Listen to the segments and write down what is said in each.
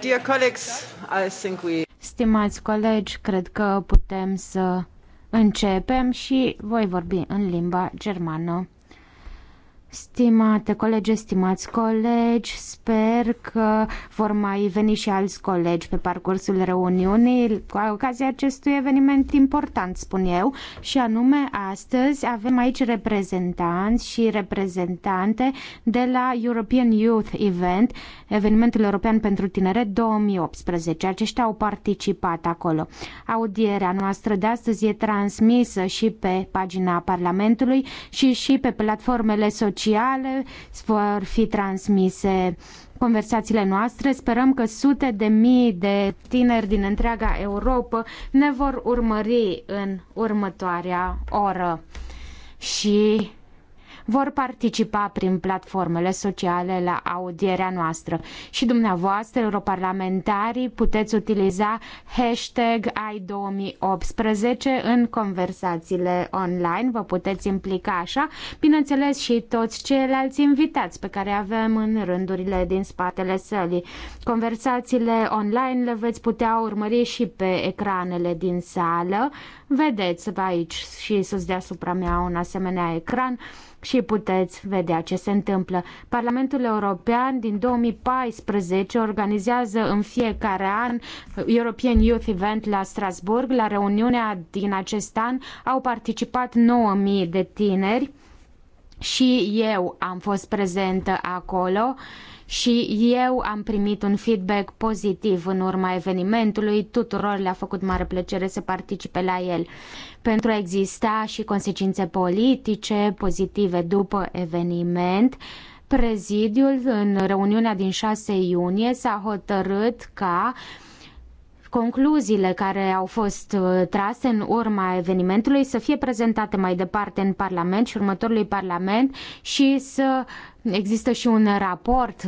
dear colleagues, I think we... Stimați colegi, cred că putem să începem și voi vorbi în limba germană. Stimate colegi, stimați colegi, sper că vor mai veni și alți colegi pe parcursul reuniunii cu ocazia acestui eveniment important, spun eu, și anume astăzi avem aici reprezentanți și reprezentante de la European Youth Event, evenimentul european pentru tinere. 2018. Aceștia au participat acolo. Audierea noastră de astăzi e transmisă și pe pagina Parlamentului și și pe platformele sociale oficiale vor fi transmise conversațiile noastre. Sperăm că sute de mii de tineri din întreaga Europa ne vor urmări în următoarea oră. Și vor participa prin platformele sociale la audierea noastră. Și dumneavoastră, europarlamentarii, puteți utiliza hashtag ai2018 în conversațiile online. Vă puteți implica așa. Bineînțeles și toți ceilalți invitați pe care avem în rândurile din spatele sălii. Conversațiile online le veți putea urmări și pe ecranele din sală. Vedeți aici și sus deasupra mea un asemenea ecran și puteți vedea ce se întâmplă. Parlamentul European din 2014 organizează în fiecare an European Youth Event la Strasburg. La reuniunea din acest an au participat 9000 de tineri și eu am fost prezentă acolo și eu am primit un feedback pozitiv în urma evenimentului, tuturor le-a făcut mare plăcere să participe la el. Pentru a exista și consecințe politice pozitive după eveniment, prezidiul în reuniunea din 6 iunie s-a hotărât ca concluziile care au fost uh, trase în urma evenimentului să fie prezentate mai departe în Parlament și următorului Parlament și să Există și un raport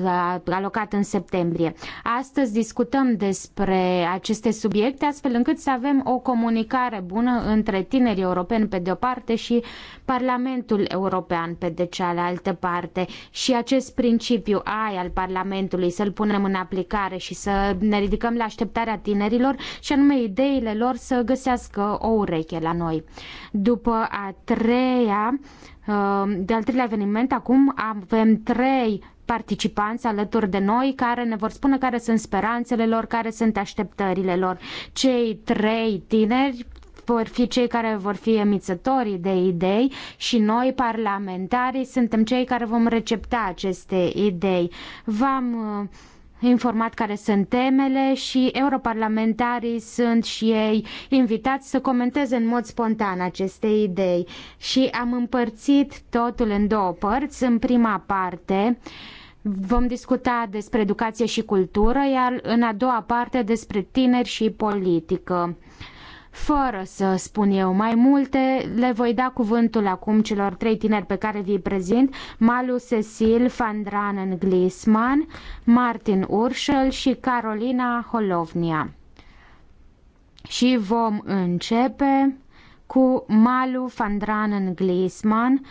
alocat în septembrie. Astăzi discutăm despre aceste subiecte astfel încât să avem o comunicare bună între tinerii europeni pe de o parte și Parlamentul European pe de cealaltă parte și acest principiu ai al Parlamentului să-l punem în aplicare și să ne ridicăm la așteptarea tinerilor și anume ideile lor să găsească o ureche la noi. După a treia de-al treilea eveniment. Acum avem trei participanți alături de noi care ne vor spune care sunt speranțele lor, care sunt așteptările lor. Cei trei tineri vor fi cei care vor fi emițătorii de idei și noi, parlamentarii, suntem cei care vom recepta aceste idei. V-am uh, informat care sunt temele și europarlamentarii sunt și ei invitați să comenteze în mod spontan aceste idei. Și am împărțit totul în două părți. În prima parte vom discuta despre educație și cultură, iar în a doua parte despre tineri și politică. Fără să spun eu mai multe, le voi da cuvântul acum celor trei tineri pe care vi-i prezint, Malu Cecil van Dranen Glisman, Martin Urschel și Carolina Holovnia. Și vom începe cu Malu van Dranen Glisman,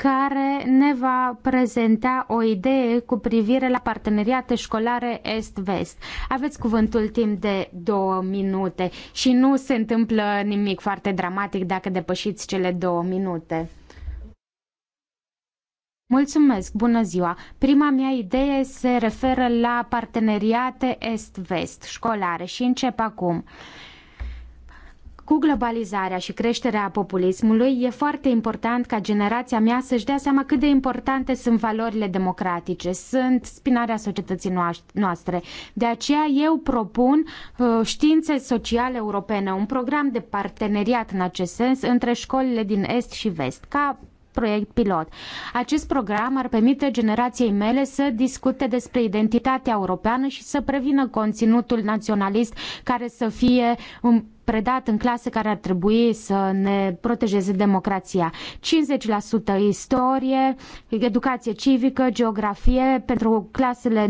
care ne va prezenta o idee cu privire la parteneriate școlare Est-Vest. Aveți cuvântul timp de două minute și nu se întâmplă nimic foarte dramatic dacă depășiți cele două minute. Mulțumesc, bună ziua! Prima mea idee se referă la parteneriate Est-Vest școlare și încep acum. Cu globalizarea și creșterea populismului, e foarte important ca generația mea să-și dea seama cât de importante sunt valorile democratice, sunt spinarea societății noastre. De aceea eu propun uh, științe sociale europene, un program de parteneriat în acest sens între școlile din Est și Vest, ca proiect pilot. Acest program ar permite generației mele să discute despre identitatea europeană și să prevină conținutul naționalist care să fie predat în clase care ar trebui să ne protejeze democrația. 50% istorie, educație civică, geografie pentru clasele 9-12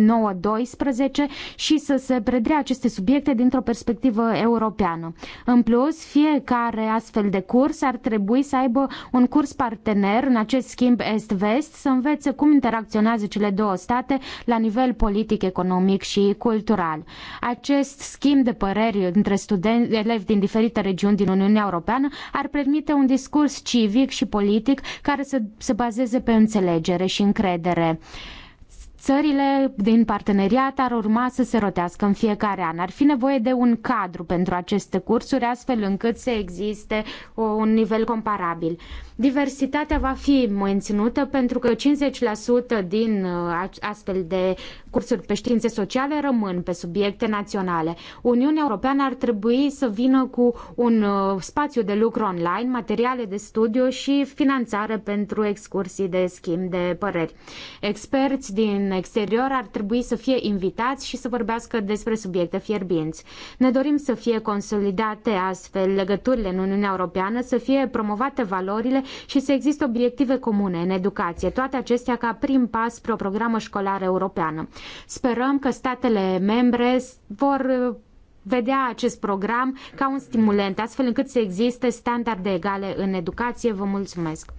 și să se predea aceste subiecte dintr-o perspectivă europeană. În plus, fiecare astfel de curs ar trebui să aibă un curs partener în acest schimb est-vest, să învețe cum interacționează cele două state la nivel politic, economic și cultural. Acest schimb de păreri între studenți. elevi colegi din diferite regiuni din Uniunea Europeană ar permite un discurs civic și politic care să se bazeze pe înțelegere și încredere. Țările din parteneriat ar urma să se rotească în fiecare an. Ar fi nevoie de un cadru pentru aceste cursuri, astfel încât să existe un nivel comparabil. Diversitatea va fi menținută pentru că 50% din uh, astfel de cursuri pe științe sociale rămân pe subiecte naționale. Uniunea Europeană ar trebui să vină cu un uh, spațiu de lucru online, materiale de studiu și finanțare pentru excursii de schimb de păreri. Experți din exterior ar trebui să fie invitați și să vorbească despre subiecte fierbinți. Ne dorim să fie consolidate astfel legăturile în Uniunea Europeană, să fie promovate valorile și să existe obiective comune în educație, toate acestea ca prim pas spre o programă școlară europeană. Sperăm că statele membre vor uh, vedea acest program ca un stimulent, astfel încât să existe standarde egale în educație. Vă mulțumesc!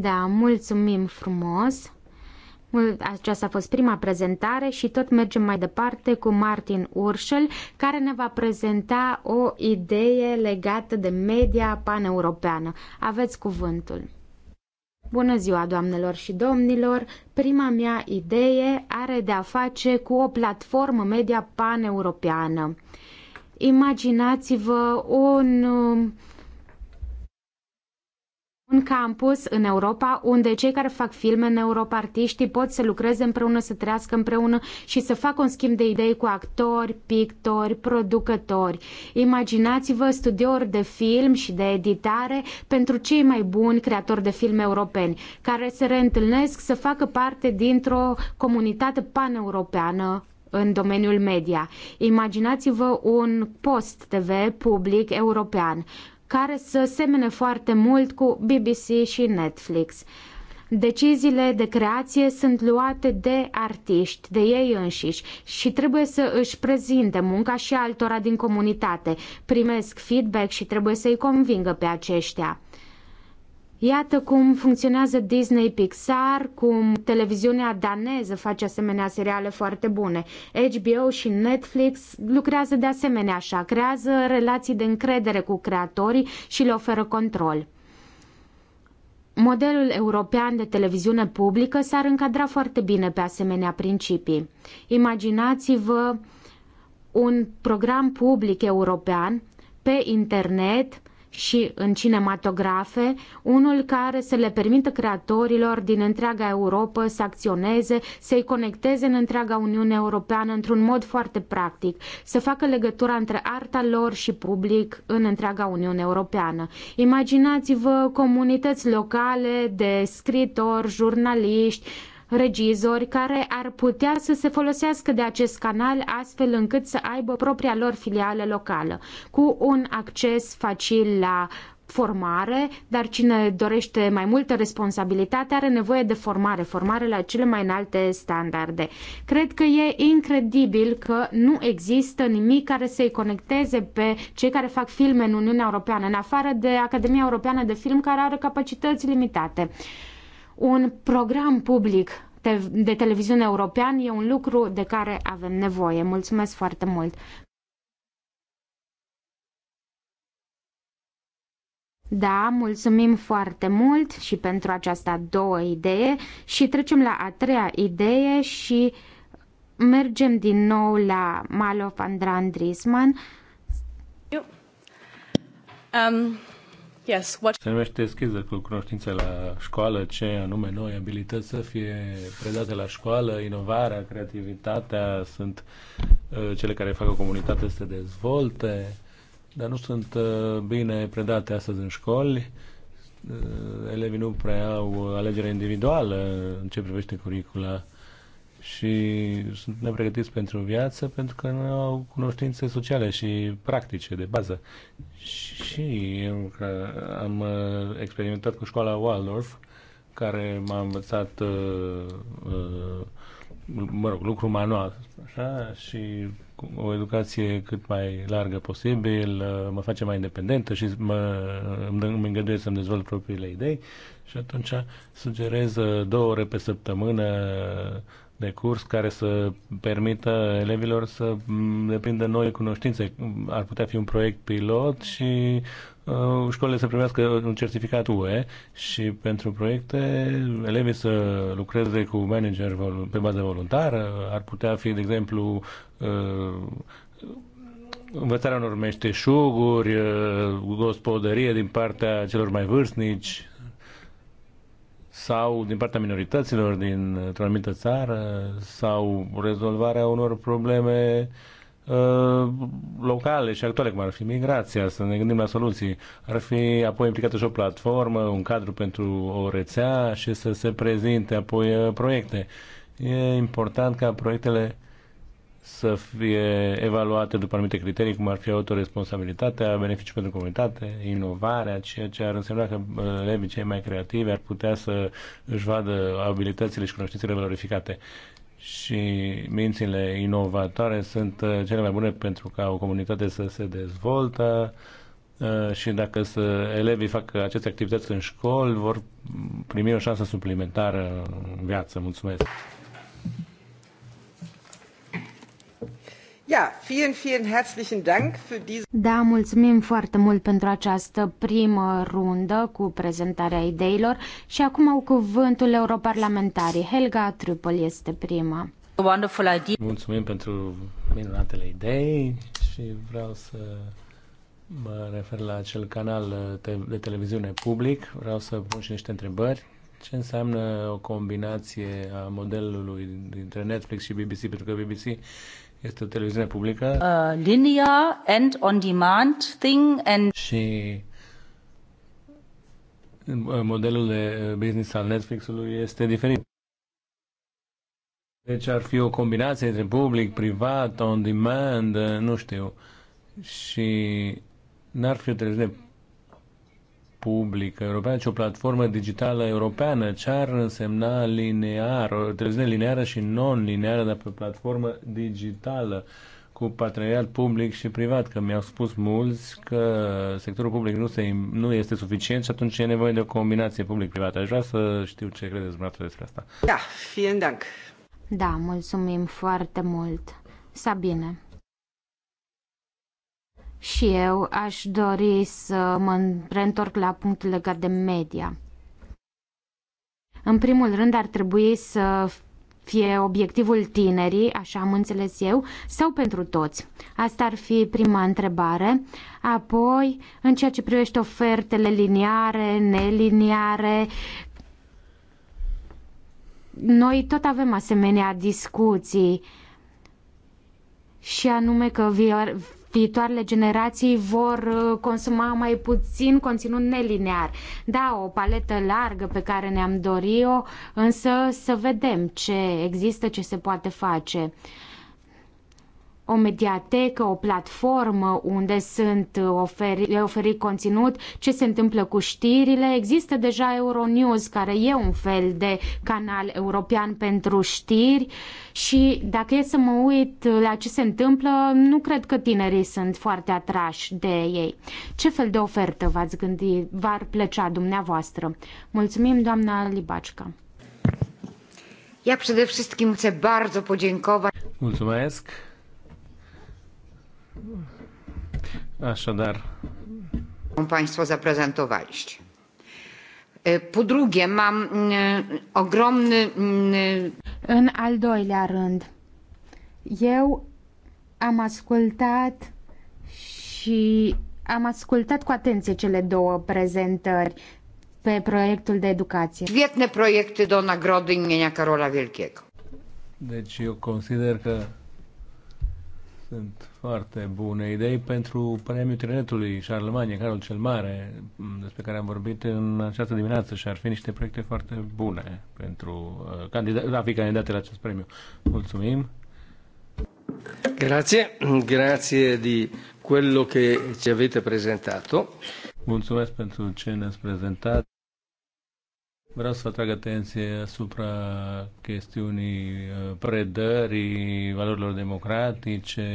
Da, mulțumim frumos! Aceasta a fost prima prezentare și tot mergem mai departe cu Martin Urșel, care ne va prezenta o idee legată de media paneuropeană. Aveți cuvântul. Bună ziua, doamnelor și domnilor! Prima mea idee are de a face cu o platformă media paneuropeană. Imaginați-vă un... Uh, un campus în Europa unde cei care fac filme în Europa, artiștii, pot să lucreze împreună, să trăiască împreună și să facă un schimb de idei cu actori, pictori, producători. Imaginați-vă studiouri de film și de editare pentru cei mai buni creatori de filme europeni, care se reîntâlnesc să facă parte dintr-o comunitate paneuropeană în domeniul media. Imaginați-vă un post TV public european care să semene foarte mult cu BBC și Netflix. Deciziile de creație sunt luate de artiști, de ei înșiși și trebuie să își prezinte munca și altora din comunitate. Primesc feedback și trebuie să-i convingă pe aceștia. Iată cum funcționează Disney Pixar, cum televiziunea daneză face asemenea seriale foarte bune. HBO și Netflix lucrează de asemenea așa, creează relații de încredere cu creatorii și le oferă control. Modelul european de televiziune publică s-ar încadra foarte bine pe asemenea principii. Imaginați-vă un program public european pe internet și în cinematografe, unul care să le permită creatorilor din întreaga Europa să acționeze, să-i conecteze în întreaga Uniune Europeană într-un mod foarte practic, să facă legătura între arta lor și public în întreaga Uniune Europeană. Imaginați-vă comunități locale de scritori, jurnaliști, regizori care ar putea să se folosească de acest canal astfel încât să aibă propria lor filială locală, cu un acces facil la formare, dar cine dorește mai multă responsabilitate are nevoie de formare, formare la cele mai înalte standarde. Cred că e incredibil că nu există nimic care să-i conecteze pe cei care fac filme în Uniunea Europeană, în afară de Academia Europeană de Film, care are capacități limitate. Uh, un program public de televiziune european e un lucru de care avem nevoie. Mulțumesc foarte mult! Da, mulțumim foarte mult și pentru această două idee și trecem la a treia idee și mergem din nou la Malof Andran Drisman. Um, Yes, what... Se numește schiză cu cunoștințe la școală, ce anume noi abilități să fie predate la școală, inovarea, creativitatea sunt uh, cele care fac o comunitate să se dezvolte, dar nu sunt uh, bine predate astăzi în școli. Uh, elevii nu prea au alegere individuală în ce privește curicula și sunt nepregătiți pentru viață pentru că nu au cunoștințe sociale și practice de bază. Și eu că am uh, experimentat cu școala Waldorf, care m-a învățat uh, uh, mă rog, lucru manual așa, și o educație cât mai largă posibil, uh, mă face mai independentă și mă, îmi îngăduie să-mi dezvolt propriile idei și atunci sugerez uh, două ore pe săptămână de curs care să permită elevilor să deprindă noi cunoștințe. Ar putea fi un proiect pilot și uh, școlile să primească un certificat UE și pentru proiecte elevii să lucreze cu manager pe bază voluntară. Ar putea fi, de exemplu, uh, învățarea unor meșteșuguri, uh, gospodărie din partea celor mai vârstnici sau din partea minorităților dintr-o anumită țară sau rezolvarea unor probleme uh, locale și actuale, cum ar fi migrația, să ne gândim la soluții. Ar fi apoi implicată și o platformă, un cadru pentru o rețea și să se prezinte apoi uh, proiecte. E important ca proiectele să fie evaluate după anumite criterii, cum ar fi autoresponsabilitatea, beneficiu pentru comunitate, inovarea, ceea ce ar însemna că elevii cei mai creativi ar putea să își vadă abilitățile și cunoștințele valorificate. Și mințile inovatoare sunt uh, cele mai bune pentru ca o comunitate să se dezvoltă uh, și dacă să, elevii fac aceste activități în școli, vor primi o șansă suplimentară în viață. Mulțumesc! Da, mulțumim foarte mult pentru această primă rundă cu prezentarea ideilor și acum au cuvântul europarlamentarii. Helga Trupel este prima. Mulțumim pentru minunatele idei și vreau să mă refer la acel canal de televiziune public. Vreau să pun și niște întrebări. Ce înseamnă o combinație a modelului dintre Netflix și BBC? Pentru că BBC este o televiziune publică. Uh, linear and on demand thing and și uh, modelul de uh, business al Netflix-ului este diferit. Deci ar fi o combinație între public, privat, on demand, uh, nu știu. Și n-ar fi o televiziune publică europeană, ci o platformă digitală europeană. Ce ar însemna linear, o televiziune lineară și non-lineară, dar pe platformă digitală? cu parteneriat public și privat, că mi-au spus mulți că sectorul public nu, se, nu este suficient și atunci e nevoie de o combinație public-privată. Aș vrea să știu ce credeți dumneavoastră despre asta. Da, vielen Dank. Da, mulțumim foarte mult. Sabine. Și eu aș dori să mă reîntorc la punctul legat de media. În primul rând ar trebui să fie obiectivul tinerii, așa am înțeles eu, sau pentru toți? Asta ar fi prima întrebare. Apoi, în ceea ce privește ofertele liniare, neliniare, noi tot avem asemenea discuții și anume că viitoarele generații vor uh, consuma mai puțin conținut nelinear. Da, o paletă largă pe care ne-am dorit-o, însă să vedem ce există, ce se poate face o mediatecă, o platformă unde sunt uh, oferi, oferit conținut, ce se întâmplă cu știrile. Există deja Euronews, care e un fel de canal european pentru știri și dacă e să mă uit uh, la ce se întâmplă, nu cred că tinerii sunt foarte atrași de ei. Ce fel de ofertă v-ați gândit, v-ar plăcea dumneavoastră? Mulțumim, doamna Libacica. Ja przede wszystkim chcę bardzo podziękować. Mulțumesc. Așadar. Państwo zaprezentowaliście. Po drugie, mam ogromny... În al doilea rând, eu am ascultat și am ascultat cu atenție cele două prezentări pe proiectul de educație. Vietne proiecte do nagrody imienia Karola Wielkiego. Deci eu consider că sunt foarte bune idei pentru premiul trenetului Charlemagne, Carol cel Mare, mm, despre care am vorbit în această dimineață și ar fi niște proiecte foarte bune pentru uh, a fi candidate la acest premiu. Mulțumim! Grazie, grazie di quello che ci avete presentato. Mulțumesc pentru ce ne-ați prezentat. Vreau să atrag atenție asupra chestiunii uh, predării valorilor democratice,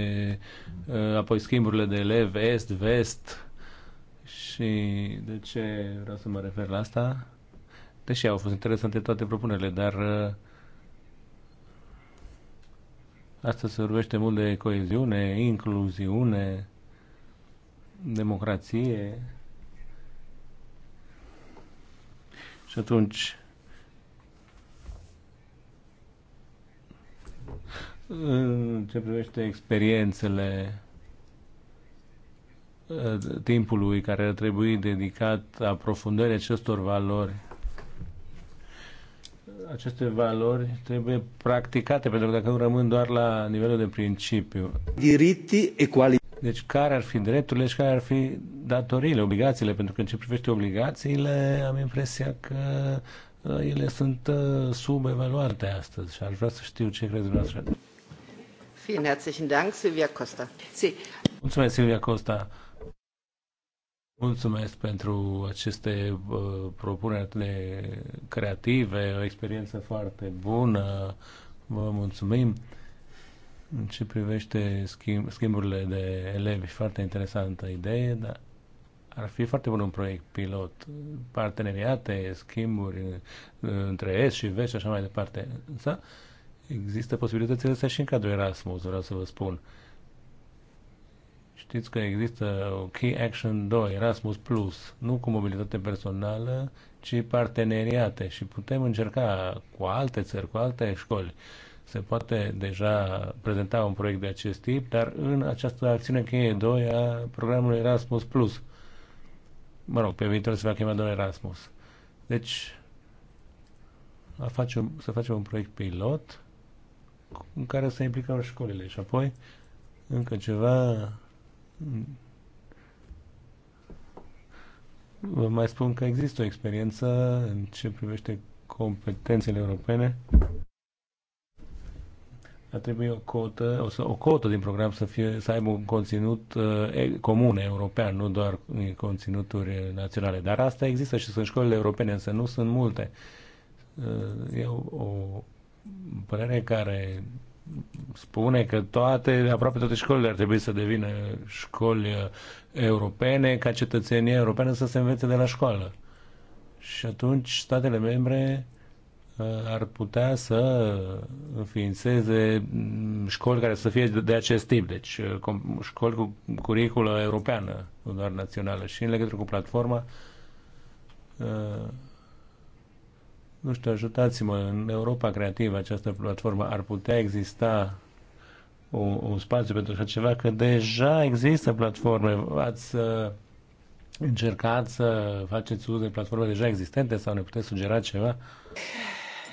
uh, apoi schimburile de elev est-vest și de ce vreau să mă refer la asta? Deși au fost interesante toate propunerile, dar uh, asta se vorbește mult de coeziune, incluziune, democrație Și atunci în ce privește experiențele eh, timpului care ar trebui dedicat aprofundării acestor valori. Aceste valori trebuie practicate, pentru că dacă nu rămân doar la nivelul de principiu. Diritti e deci care ar fi drepturile și care ar fi datoriile, obligațiile, pentru că în ce privește obligațiile am impresia că uh, ele sunt uh, subevaluate astăzi și aș vrea să știu ce crezi dumneavoastră. Vielen herzlichen Dank, Silvia Costa. Mulțumesc, Silvia Costa. Mulțumesc pentru aceste uh, propuneri atât de creative, o experiență foarte bună. Vă mulțumim. În ce privește schimb, schimburile de elevi, foarte interesantă idee, dar ar fi foarte bun un proiect pilot. Parteneriate, schimburi uh, între S și V, și așa mai departe. Însă există posibilitățile să și în cadrul Erasmus, vreau să vă spun. Știți că există o Key Action 2, Erasmus Plus, nu cu mobilitate personală, ci parteneriate și putem încerca cu alte țări, cu alte școli se poate deja prezenta un proiect de acest tip, dar în această acțiune cheie 2 a programului Erasmus+, Plus. mă rog, pe viitor se va chema doar Erasmus. Deci, a face, un, să facem un proiect pilot în care să implicăm școlile și apoi încă ceva vă mai spun că există o experiență în ce privește competențele europene ar trebui o cotă, o, o cotă din program să, fie, să aibă un conținut uh, comun european, nu doar conținuturi naționale. Dar asta există și sunt școlile europene, însă nu sunt multe. Uh, e o, o părere care spune că toate, aproape toate școlile ar trebui să devină școli eh, europene, ca cetățenie europeană să se învețe de la școală. Și atunci statele membre uh, Uh, ar putea să înființeze mm, școli care să fie de acest tip, deci uh, școli cu curiculă europeană, nu doar națională. Și în legătură cu platforma, uh, nu știu, ajutați-mă, în Europa Creativă această platformă ar putea exista un, un spațiu pentru așa ceva, că deja există platforme. Ați uh, încercat să faceți uz de platforme deja existente sau ne puteți sugera ceva?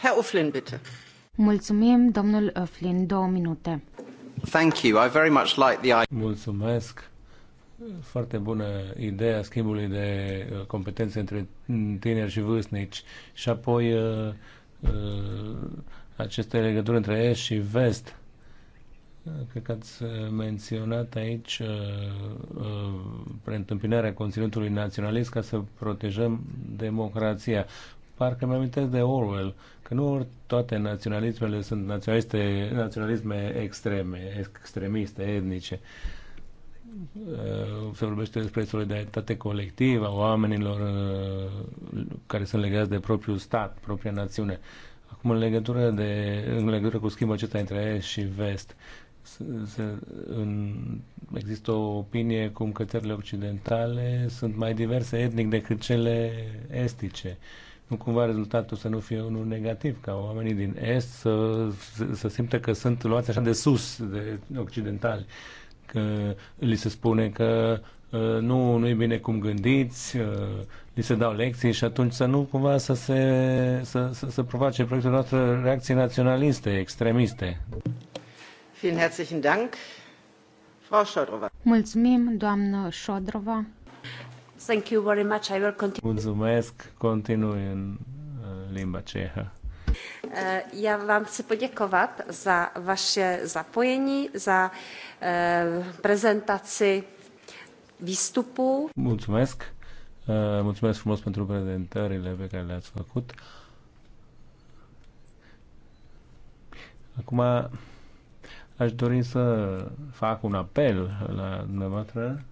Herr bitte. Mulțumim, domnul Oflin, două minute. Thank you. I very much like the Mulțumesc. Foarte bună ideea schimbului de uh, competențe între tineri și vârstnici și apoi uh, uh, aceste legături între est și vest. Cred că ați menționat aici preîntâmpinarea conținutului naționalist ca să protejăm democrația. Parcă mi-am de Orwell că nu toate naționalismele sunt naționaliste, naționalisme extreme, extremiste, etnice. Uh, se vorbește despre solidaritate colectivă a oamenilor uh, care sunt legați de propriul stat, propria națiune. Acum, în legătură, de, în legătură cu schimbul acesta între Est și Vest, se, în, există o opinie cum că țările occidentale sunt mai diverse etnic decât cele estice. Uh, nu cumva rezultatul să nu fie unul negativ, ca oamenii din Est să, să, să simtă că sunt luați așa de sus, de occidentali, că li se spune că ă, nu, nu e bine cum gândiți, ă, li se dau lecții și atunci să nu cumva să se să, să, să provoace proiectul noastră reacții naționaliste, extremiste. Vielen herzlichen Dank, Frau Mulțumim, doamnă Șodrova. Thank you very much. I will continue. Mulțumesc. Continui în uh, limba cehă. Uh, Já vám chci poděkovat za vaše zapojení, za uh, prezentaci výstupu. Mulțumesc. Mulțumesc frumos pentru prezentările pe care le-ați făcut. Acum aș dori să fac un apel la dumneavoastră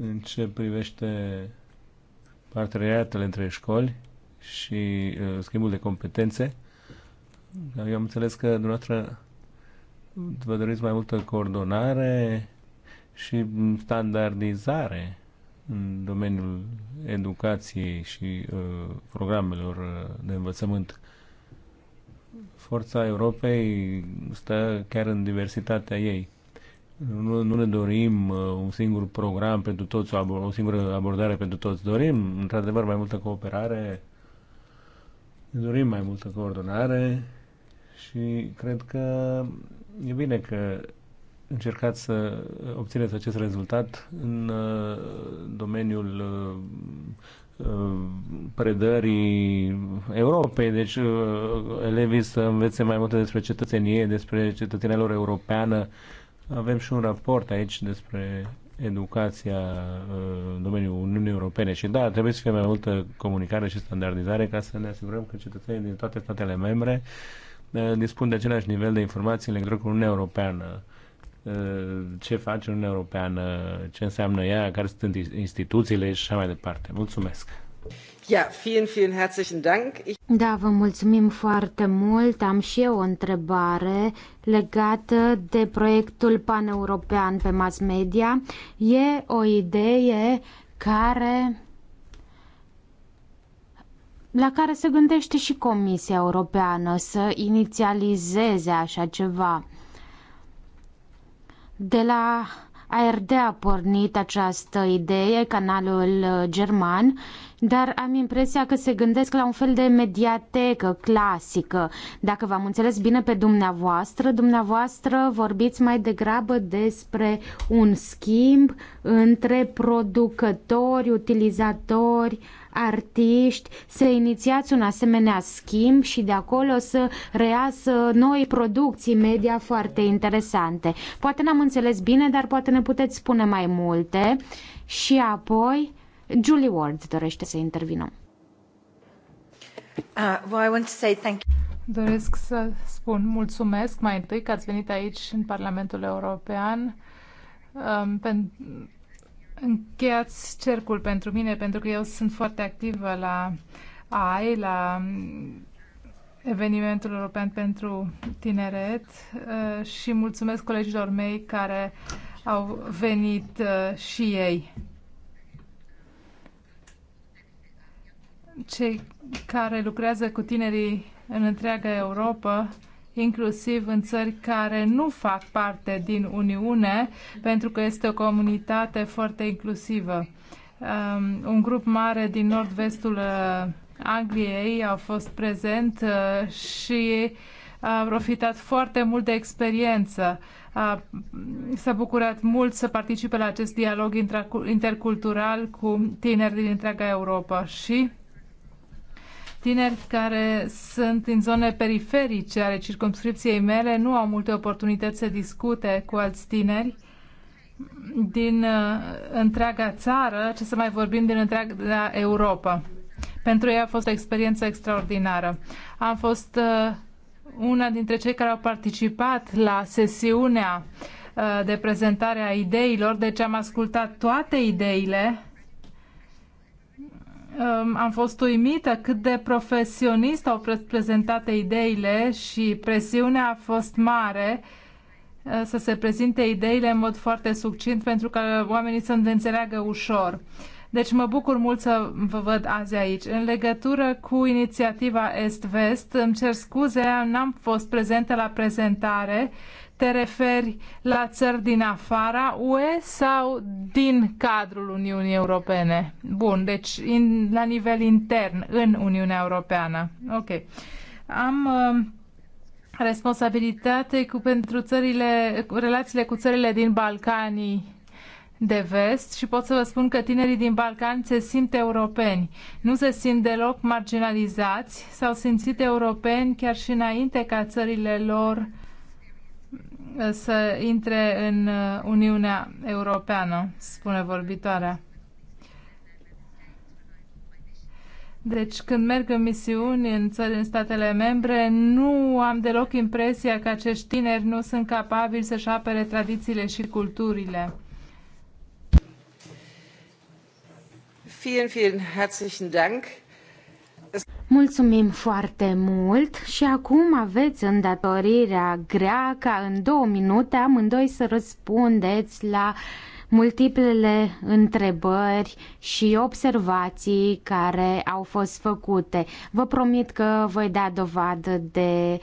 în ce privește parteneriatele între școli și uh, schimbul de competențe. Eu am înțeles că dumneavoastră vă doriți mai multă coordonare și standardizare în domeniul educației și uh, programelor uh, de învățământ. Forța Europei stă chiar în diversitatea ei. Nu, nu ne dorim uh, un singur program pentru toți, o, o singură abordare pentru toți. Dorim, într-adevăr, mai multă cooperare, ne dorim mai multă coordonare și cred că e bine că încercați să obțineți acest rezultat în uh, domeniul uh, predării Europei, deci elevii să învețe mai multe despre cetățenie, despre cetățenia lor europeană, avem și un raport aici despre educația uh, în domeniul Uniunii Europene și da, trebuie să fie mai multă comunicare și standardizare ca să ne asigurăm că cetățenii din toate statele membre uh, dispun de același nivel de informații în legătură cu Uniunea Europeană uh, ce face Uniunea Europeană, ce înseamnă ea, care sunt instituțiile și așa mai departe. Mulțumesc! Ja, vielen, vielen herzlichen Dank. Ich... Da, vă mulțumim foarte mult. Am și eu o întrebare legată de proiectul paneuropean pe mass media. E o idee care la care se gândește și Comisia Europeană să inițializeze așa ceva. De la ARD a pornit această idee, canalul german, dar am impresia că se gândesc la un fel de mediatecă clasică. Dacă v-am înțeles bine pe dumneavoastră, dumneavoastră vorbiți mai degrabă despre un schimb între producători, utilizatori, artiști, să inițiați un asemenea schimb și de acolo să reasă noi producții media foarte interesante. Poate n-am înțeles bine, dar poate ne puteți spune mai multe. Și apoi, Julie Ward dorește să intervină. Uh, well, I want to say thank you. Doresc să spun mulțumesc mai întâi că ați venit aici în Parlamentul European. Um, pen... Încheiați cercul pentru mine, pentru că eu sunt foarte activă la AI, la evenimentul european pentru tineret uh, și mulțumesc colegilor mei care au venit uh, și ei. cei care lucrează cu tinerii în întreaga Europa, inclusiv în țări care nu fac parte din Uniune, pentru că este o comunitate foarte inclusivă. Um, un grup mare din nord-vestul uh, Angliei au fost prezent uh, și a profitat foarte mult de experiență. S-a bucurat mult să participe la acest dialog intercultural cu tineri din întreaga Europa și tineri care sunt în zone periferice ale circumscripției mele nu au multe oportunități să discute cu alți tineri din uh, întreaga țară, ce să mai vorbim din întreaga Europa. Pentru ei a fost o experiență extraordinară. Am fost uh, una dintre cei care au participat la sesiunea uh, de prezentare a ideilor, deci am ascultat toate ideile am fost uimită cât de profesionist au prezentat ideile și presiunea a fost mare uh, să se prezinte ideile în mod foarte succint pentru că oamenii să înțeleagă ușor. Deci mă bucur mult să vă văd azi aici. În legătură cu inițiativa Est-Vest, îmi cer scuze, n-am fost prezentă la prezentare, te referi la țări din afara UE sau din cadrul Uniunii Europene? Bun, deci in, la nivel intern, în Uniunea Europeană. Ok. Am uh, responsabilitate cu, pentru țările, cu relațiile cu țările din Balcanii de vest și pot să vă spun că tinerii din Balcani se simt europeni. Nu se simt deloc marginalizați, s-au simțit europeni chiar și înainte ca țările lor să intre în uh, Uniunea Europeană, spune vorbitoarea. Deci când merg în misiuni în țări, în statele membre, nu am deloc impresia că acești tineri nu sunt capabili să-și apere tradițiile și culturile. Vielen, vielen herzlichen Dank. Mulțumim foarte mult și acum aveți îndatorirea grea ca în două minute amândoi să răspundeți la multiplele întrebări și observații care au fost făcute. Vă promit că voi da dovadă de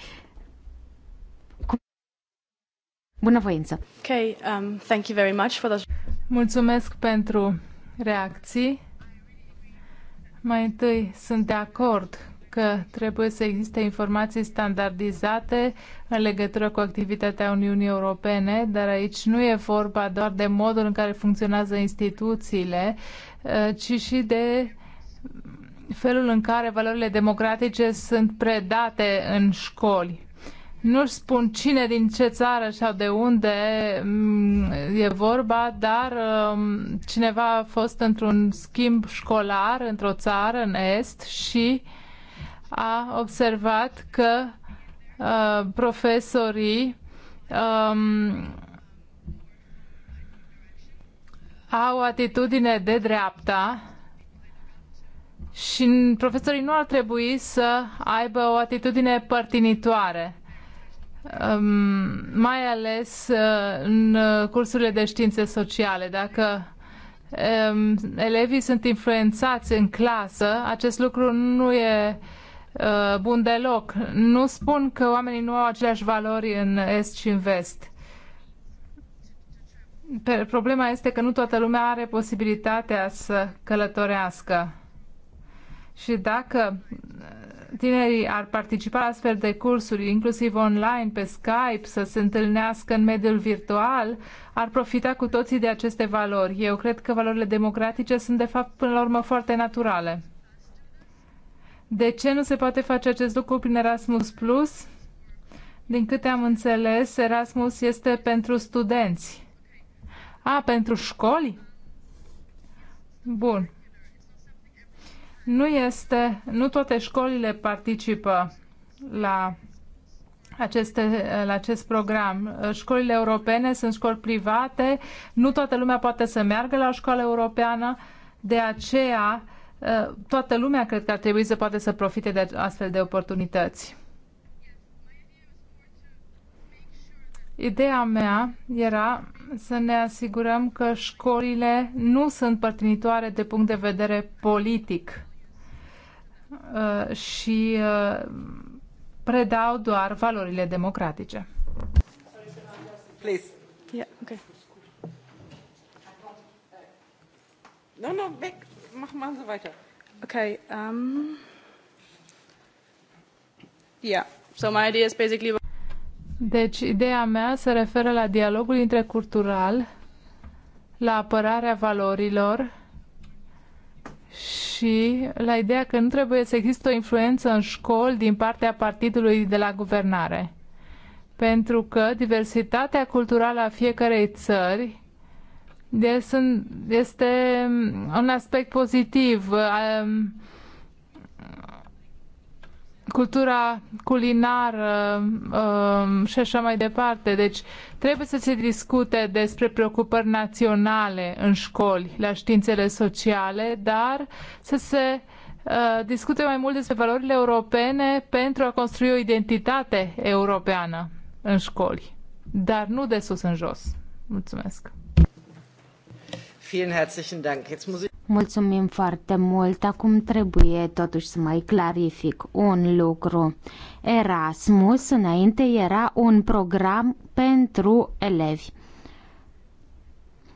bunăvoință. Okay, um, thank you very much for those... Mulțumesc pentru reacții. Mai întâi, sunt de acord că trebuie să existe informații standardizate în legătură cu activitatea Uniunii Europene, dar aici nu e vorba doar de modul în care funcționează instituțiile, eh, ci și de felul în care valorile democratice sunt predate în școli. Nu spun cine din ce țară sau de unde mm, e vorba, dar um, cineva a fost într-un schimb școlar într-o țară în Est și a observat că uh, profesorii um, au atitudine de dreapta și profesorii nu ar trebui să aibă o atitudine părtinitoare mai ales uh, în uh, cursurile de științe sociale. Dacă um, elevii sunt influențați în clasă, acest lucru nu e uh, bun deloc. Nu spun că oamenii nu au aceleași valori în Est și în Vest. Problema este că nu toată lumea are posibilitatea să călătorească. Și dacă tinerii ar participa astfel de cursuri, inclusiv online, pe Skype, să se întâlnească în mediul virtual, ar profita cu toții de aceste valori. Eu cred că valorile democratice sunt, de fapt, până la urmă, foarte naturale. De ce nu se poate face acest lucru prin Erasmus Plus? Din câte am înțeles, Erasmus este pentru studenți. A, pentru școli? Bun. Nu este, nu toate școlile participă la aceste, la acest program. Școlile europene sunt școli private, nu toată lumea poate să meargă la o școală europeană, de aceea ă, toată lumea cred că ar trebui să poate să profite de astfel de oportunități. Ideea mea era să ne asigurăm că școlile nu sunt părtinitoare de punct de vedere politic Uh, și uh, predau doar valorile democratice. Please. Yeah, okay. No, no, weg. Mach mal so weiter. Okay, um... Yeah, so my idea is basically... Deci, ideea mea se referă la dialogul intercultural, la apărarea valorilor, și la ideea că nu trebuie să există o influență în școli din partea partidului de la guvernare. Pentru că diversitatea culturală a fiecarei țări este un aspect pozitiv. Um, cultura culinară um, și așa mai departe. Deci trebuie să se discute despre preocupări naționale în școli, la științele sociale, dar să se uh, discute mai mult despre valorile europene pentru a construi o identitate europeană în școli, dar nu de sus în jos. Mulțumesc! Mulțumim foarte mult. Acum trebuie totuși să mai clarific un lucru. Erasmus înainte era un program pentru elevi.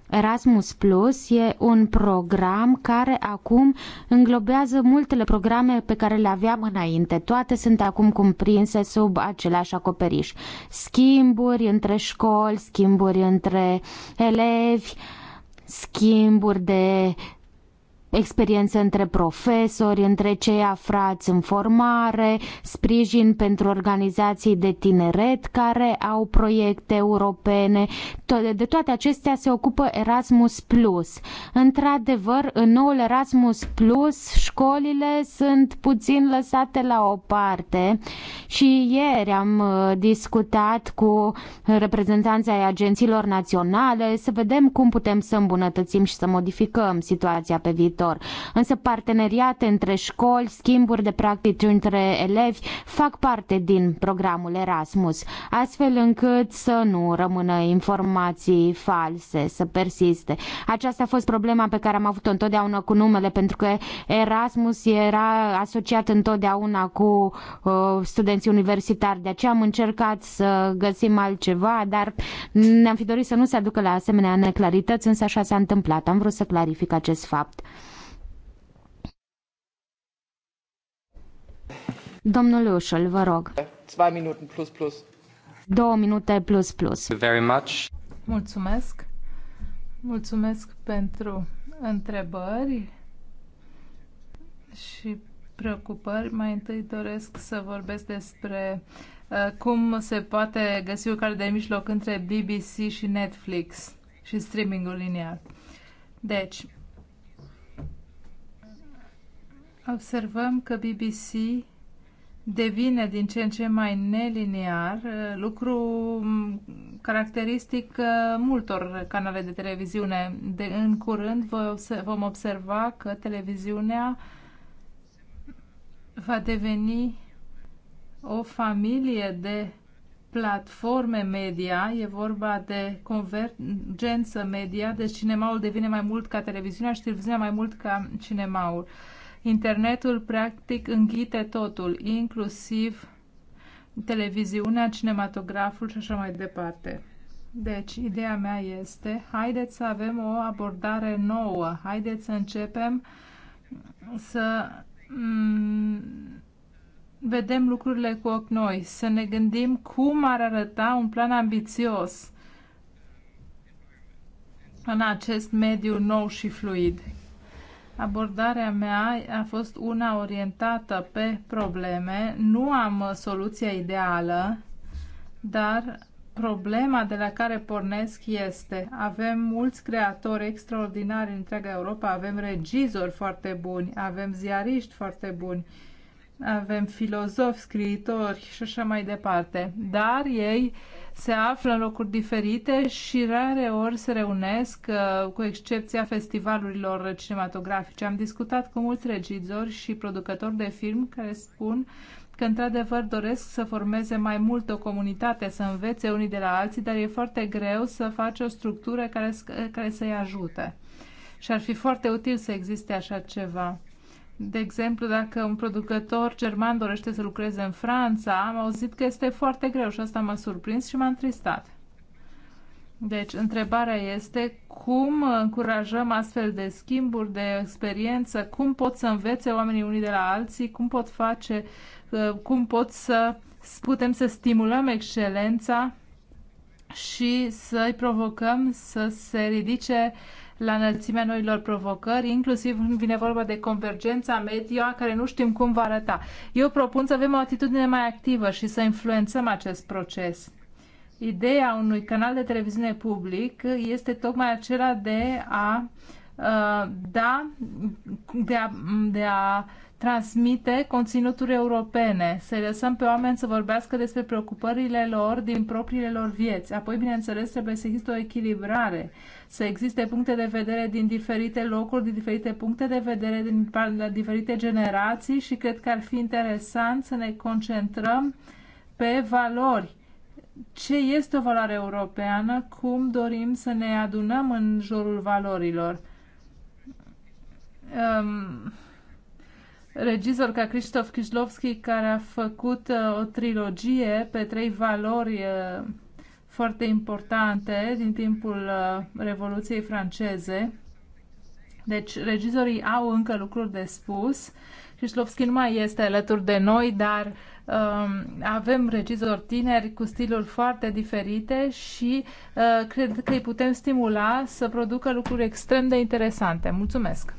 Erasmus Plus e un program care acum înglobează multele programe pe care le aveam înainte. Toate sunt acum cumprinse sub același acoperiș. Schimburi între școli, schimburi între elevi, uh, schimburi de experiențe între profesori, între cei afrați în formare, sprijin pentru organizații de tineret care au proiecte europene. De toate acestea se ocupă Erasmus Plus. Într-adevăr, în noul Erasmus Plus, școlile sunt puțin lăsate la o parte și ieri am uh, discutat cu reprezentanții ai agențiilor naționale să vedem cum putem să îmbunătățim și să modificăm situația pe viitor viitor. Însă parteneriate între școli, schimburi de practici între elevi fac parte din programul Erasmus, astfel încât să nu rămână informații false, să persiste. Aceasta a fost problema pe care am avut-o întotdeauna cu numele, pentru că Erasmus era asociat întotdeauna cu uh, studenții universitari. De aceea am încercat să găsim altceva, dar ne-am fi dorit să nu se aducă la asemenea neclarități, însă așa s-a întâmplat. Am vrut să clarific acest fapt. Domnul Ușul, vă rog. Două minute plus plus. Very much. Mulțumesc. Mulțumesc pentru întrebări și preocupări. Mai întâi doresc să vorbesc despre uh, cum se poate găsi o cale de mijloc între BBC și Netflix și streamingul linear. Deci, observăm că BBC devine din ce în ce mai neliniar, uh, lucru mm, caracteristic uh, multor canale de televiziune. De, în curând vom observa că televiziunea va deveni o familie de platforme media, e vorba de convergență media, deci cinemaul devine mai mult ca televiziunea și televiziunea mai mult ca cinemaul. Uh, Internetul practic înghite totul, inclusiv televiziunea, cinematograful și așa mai departe. Deci, ideea mea este, haideți să avem o abordare nouă, haideți să începem să mm, vedem lucrurile cu ochi noi, să ne gândim cum ar arăta un plan ambițios în acest mediu nou și fluid. Abordarea mea a fost una orientată pe probleme. Nu am soluția ideală, dar problema de la care pornesc este avem mulți creatori extraordinari în întreaga Europa, avem regizori foarte buni, avem ziariști foarte buni, avem filozofi, scriitori și așa mai departe, dar ei uh, se află în locuri diferite și rare ori se reunesc, uh, cu excepția festivalurilor cinematografice. Am discutat cu mulți regizori și producători de film care spun că într-adevăr doresc să formeze mai mult o comunitate, să învețe unii de la alții, dar e foarte greu să faci o structură care, care să-i ajute. Și ar fi foarte util să existe așa ceva. De exemplu, dacă un producător german dorește să lucreze în Franța, am auzit că este foarte greu și asta m-a surprins și m-a întristat. Deci, întrebarea este cum încurajăm astfel de schimburi, de experiență, cum pot să învețe oamenii unii de la alții, cum pot face, uh, cum pot să putem să stimulăm excelența și să-i provocăm să se ridice uh, la înălțimea noilor provocări, inclusiv când vine vorba de convergența media, care nu știm cum va arăta. Eu propun să avem o atitudine mai activă și să influențăm acest proces. Ideea unui canal de televiziune public este tocmai acela de a uh, da, de a, de a transmite conținuturi europene, să lăsăm pe oameni să vorbească despre preocupările lor din propriile lor vieți. Apoi, bineînțeles, trebuie să există o echilibrare să existe puncte de vedere din diferite locuri, din diferite puncte de vedere, din diferite generații și cred că ar fi interesant să ne concentrăm pe valori. Ce este o valoare europeană? Cum dorim să ne adunăm în jurul valorilor? Um, regizor ca Krzysztof Kislovski, care a făcut uh, o trilogie pe trei valori uh, foarte importante din timpul uh, Revoluției franceze. Deci regizorii au încă lucruri de spus. Krzysztofski nu mai este alături de noi, dar um, avem regizori tineri cu stiluri foarte diferite și uh, cred că îi putem stimula să producă lucruri extrem de interesante. Mulțumesc!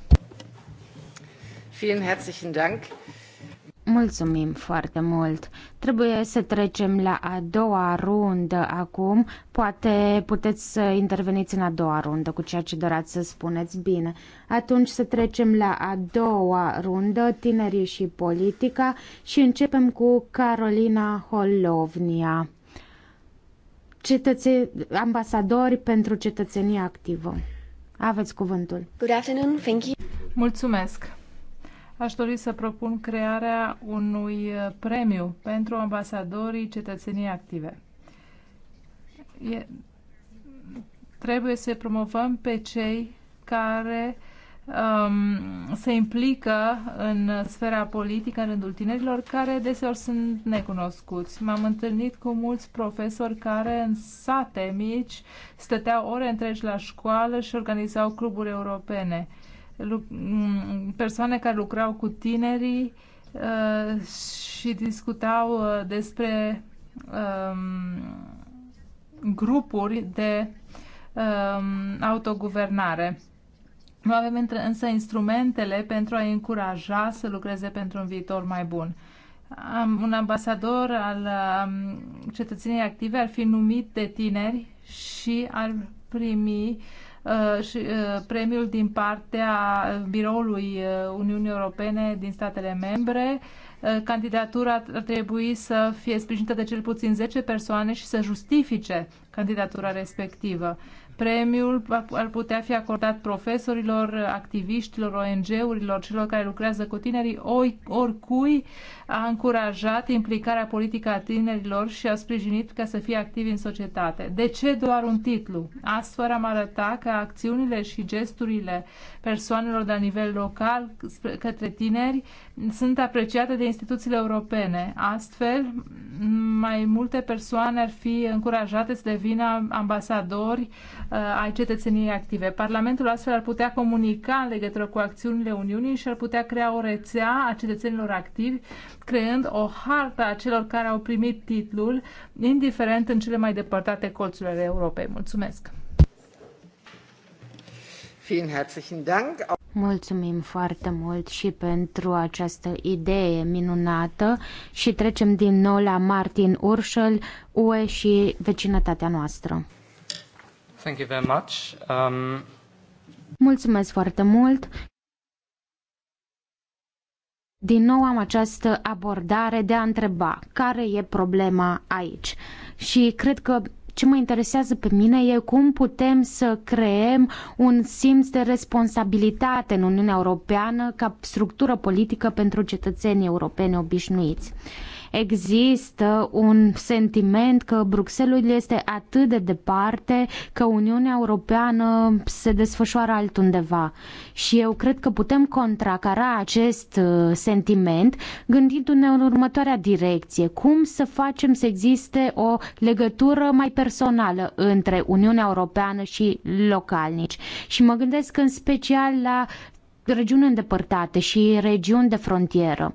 Vielen herzlichen Dank! Mulțumim foarte mult. Trebuie să trecem la a doua rundă acum. Poate puteți să interveniți în a doua rundă cu ceea ce dorați să spuneți bine. Atunci să trecem la a doua rundă, tinerii și politica, și începem cu Carolina Holovnia, cetățe- ambasadori pentru cetățenie activă. Aveți cuvântul. Good afternoon, thank you. Mulțumesc aș dori să propun crearea unui uh, premiu pentru ambasadorii cetățenii active. E, trebuie să promovăm pe cei care um, se implică în sfera politică în rândul tinerilor, care deseori sunt necunoscuți. M-am întâlnit cu mulți profesori care în sate mici stăteau ore întregi la școală și organizau cluburi europene persoane care lucrau cu tinerii uh, și discutau uh, despre um, grupuri de um, autoguvernare. Nu avem însă instrumentele pentru a încuraja să lucreze pentru un viitor mai bun. Un ambasador al um, cetățeniei active ar fi numit de tineri și ar primi uh, Uh, și uh, premiul din partea biroului uh, Uniunii Europene din statele membre. Candidatura ar trebui să fie sprijinită de cel puțin 10 persoane și să justifice candidatura respectivă. Premiul ar putea fi acordat profesorilor, activiștilor, ONG-urilor, celor care lucrează cu tinerii, oricui a încurajat implicarea politică a tinerilor și a sprijinit ca să fie activi în societate. De ce doar un titlu? Astfel am arătat că acțiunile și gesturile persoanelor de la nivel local către tineri sunt apreciate de instituțiile europene. Astfel, mai multe persoane ar fi încurajate să devină ambasadori uh, ai cetățeniei active. Parlamentul astfel ar putea comunica în legătură cu acțiunile Uniunii și ar putea crea o rețea a cetățenilor activi creând o hartă a celor care au primit titlul, indiferent în cele mai depărtate colțuri ale Europei. Mulțumesc! Mulțumim foarte mult și pentru această idee minunată și trecem din nou la Martin Urșel, UE și vecinătatea noastră. Thank you very much. Um... Mulțumesc foarte mult. Din nou am această abordare de a întreba care e problema aici. Și cred că ce mă interesează pe mine e cum putem să creem un simț de responsabilitate în Uniunea Europeană ca structură politică pentru cetățenii europeni obișnuiți. Există un sentiment că Bruxelles este atât de departe, că Uniunea Europeană se desfășoară altundeva. Și eu cred că putem contracara acest uh, sentiment gândindu-ne în următoarea direcție. Cum să facem să existe o legătură mai personală între Uniunea Europeană și localnici? Și mă gândesc în special la regiuni îndepărtate și regiuni de frontieră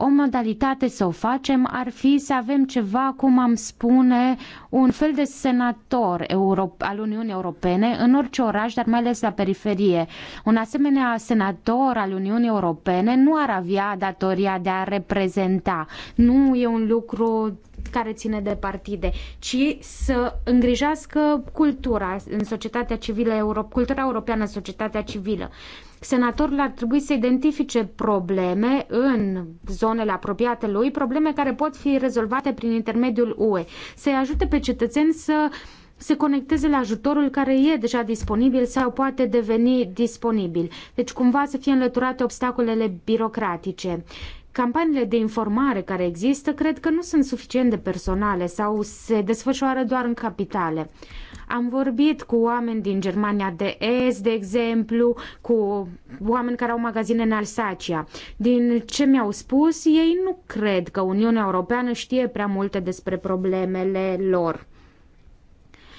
o modalitate să o facem ar fi să avem ceva, cum am spune, un fel de senator al Uniunii Europene în orice oraș, dar mai ales la periferie. Un asemenea senator al Uniunii Europene nu ar avea datoria de a reprezenta. Nu e un lucru care ține de partide, ci să îngrijească cultura în societatea civilă, cultura europeană în societatea civilă. Senatorul ar trebui să identifice probleme în zonele apropiate lui, probleme care pot fi rezolvate prin intermediul UE, să-i ajute pe cetățeni să se conecteze la ajutorul care e deja disponibil sau poate deveni disponibil. Deci cumva să fie înlăturate obstacolele birocratice. Campaniile de informare care există cred că nu sunt suficient de personale sau se desfășoară doar în capitale. Am vorbit cu oameni din Germania de Est, de exemplu, cu oameni care au magazine în Alsacia. Din ce mi-au spus, ei nu cred că Uniunea Europeană știe prea multe despre problemele lor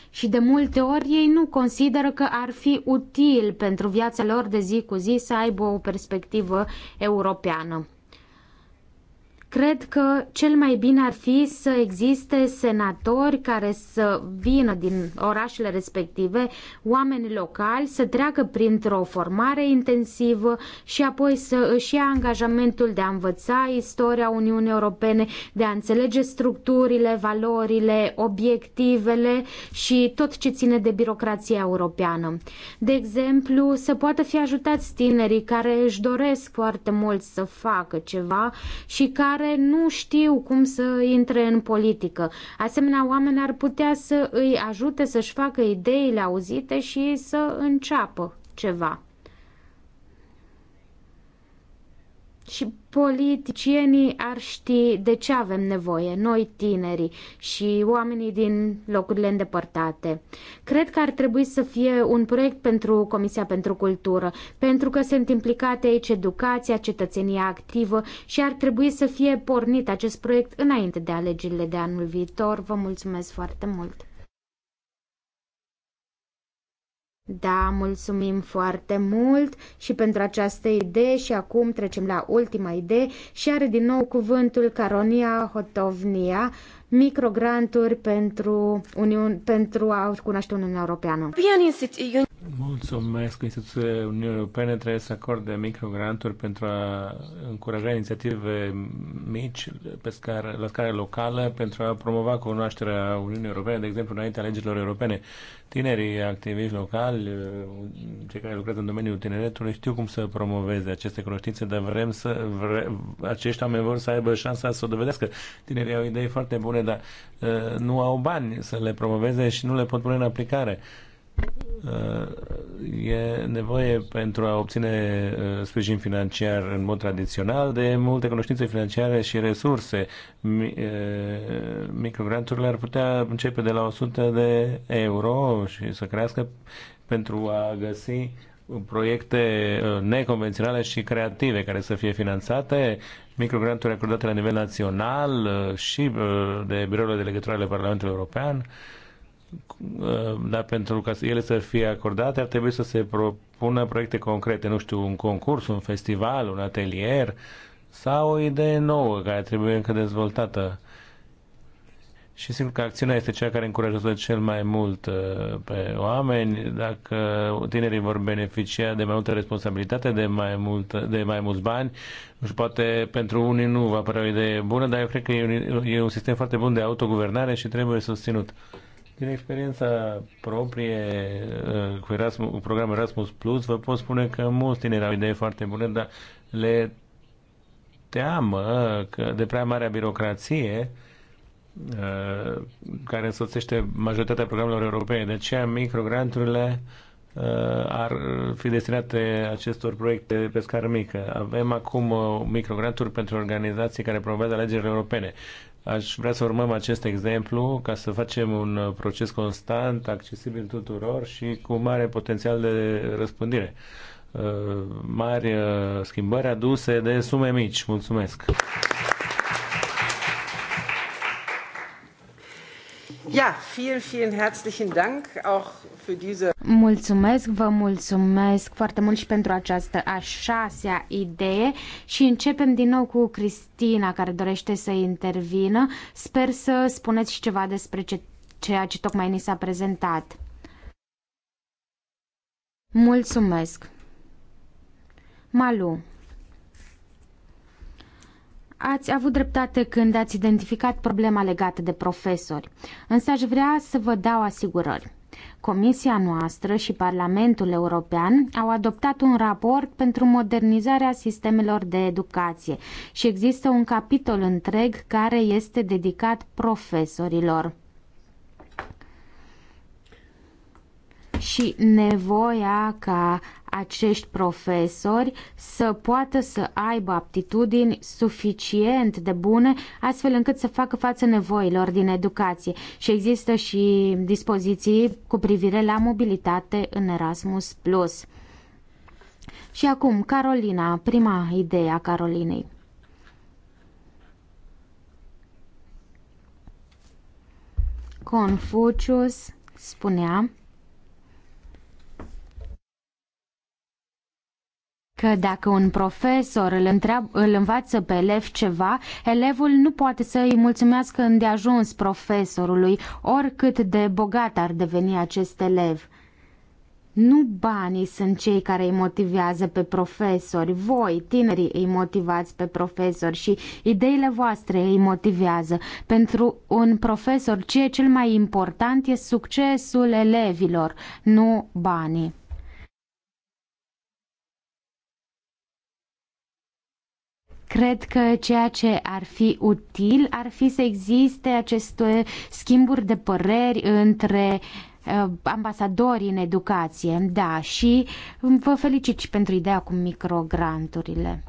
și de multe ori ei nu consideră că ar fi util pentru viața lor de zi cu zi să aibă o perspectivă europeană. Cred că cel mai bine ar fi să existe senatori care să vină din orașele respective, oameni locali, să treacă printr-o formare intensivă și apoi să își ia angajamentul de a învăța istoria Uniunii Europene, de a înțelege structurile, valorile, obiectivele și tot ce ține de birocrația europeană. De exemplu, să poată fi ajutați tinerii care își doresc foarte mult să facă ceva și care care nu știu cum să intre în politică. Asemenea, oameni ar putea să îi ajute să-și facă ideile auzite și să înceapă ceva. și politicienii ar ști de ce avem nevoie, noi tinerii și oamenii din locurile îndepărtate. Cred că ar trebui să fie un proiect pentru Comisia pentru Cultură, pentru că sunt implicate aici educația, cetățenia activă și ar trebui să fie pornit acest proiect înainte de alegerile de anul viitor. Vă mulțumesc foarte mult! Da, mulțumim foarte mult și pentru această idee și acum trecem la ultima idee și are din nou cuvântul Caronia Hotovnia, microgranturi pentru, Uniun, pentru a cunoaște Uniunea Europeană. Mulțumesc. Instituțiile Uniunii Europene trebuie să acorde microgranturi pentru a încuraja inițiative mici pe scară, la scară locală pentru a promova cunoașterea Uniunii Europene, de exemplu, înaintea legilor europene. Tinerii activiști locali, cei care lucrează în domeniul tineretului, știu cum să promoveze aceste cunoștințe, dar vrem să vre, acești oameni vor să aibă șansa să o dovedească. Tinerii au idei foarte bune, dar uh, nu au bani să le promoveze și nu le pot pune în aplicare. Uh, Uh, e nevoie pentru a obține uh, sprijin financiar în mod tradițional de multe cunoștințe financiare și resurse. Uh, microgranturile ar putea începe de la 100 de euro și să crească pentru a găsi proiecte neconvenționale și creative care să fie finanțate, microgranturi acordate la nivel național și de birourile de legătură ale Parlamentului European dar pentru ca ele să fie acordate ar trebui să se propună proiecte concrete, nu știu, un concurs, un festival, un atelier sau o idee nouă care trebuie încă dezvoltată. Și sigur că acțiunea este cea care încurajează cel mai mult uh, pe oameni. Dacă tinerii vor beneficia de mai multă responsabilitate, de mai, mult, de mai mulți bani, și poate pentru unii nu va părea o idee bună, dar eu cred că e un, e un sistem foarte bun de autoguvernare și trebuie susținut. Din experiența proprie uh, cu, Erasmus, cu programul Erasmus Plus, vă pot spune că mulți tineri au idei foarte bune, dar le teamă că de prea marea birocrație uh, care însoțește majoritatea programelor europene. De aceea microgranturile uh, ar fi destinate acestor proiecte pe scară mică. Avem acum microgranturi pentru organizații care promovează alegerile europene. Aș vrea să urmăm acest exemplu ca să facem un proces constant, accesibil tuturor și cu mare potențial de răspândire. Uh, mari uh, schimbări aduse de sume mici. Mulțumesc! Ja, vielen, vielen herzlichen Dank auch für diese. Mulțumesc, vă mulțumesc foarte mult și pentru această a șasea idee și începem din nou cu Cristina care dorește să intervină. Sper să spuneți și ceva despre ce, ceea ce tocmai ni s-a prezentat. Mulțumesc. Malu. Ați avut dreptate când ați identificat problema legată de profesori, însă aș vrea să vă dau asigurări. Comisia noastră și Parlamentul European au adoptat un raport pentru modernizarea sistemelor de educație și există un capitol întreg care este dedicat profesorilor. Și nevoia ca acești profesori să poată să aibă aptitudini suficient de bune astfel încât să facă față nevoilor din educație și există și dispoziții cu privire la mobilitate în Erasmus+. Plus. Și acum, Carolina, prima idee a Carolinei. Confucius spunea că dacă un profesor îl, întreab, îl învață pe elev ceva, elevul nu poate să îi mulțumească îndeajuns profesorului, oricât de bogat ar deveni acest elev. Nu banii sunt cei care îi motivează pe profesori, voi, tinerii, îi motivați pe profesori și ideile voastre îi motivează. Pentru un profesor, ce e cel mai important e succesul elevilor, nu banii. Cred că ceea ce ar fi util ar fi să existe aceste schimburi de păreri între uh, ambasadori în educație, da, și vă felicit și pentru ideea cu microgranturile.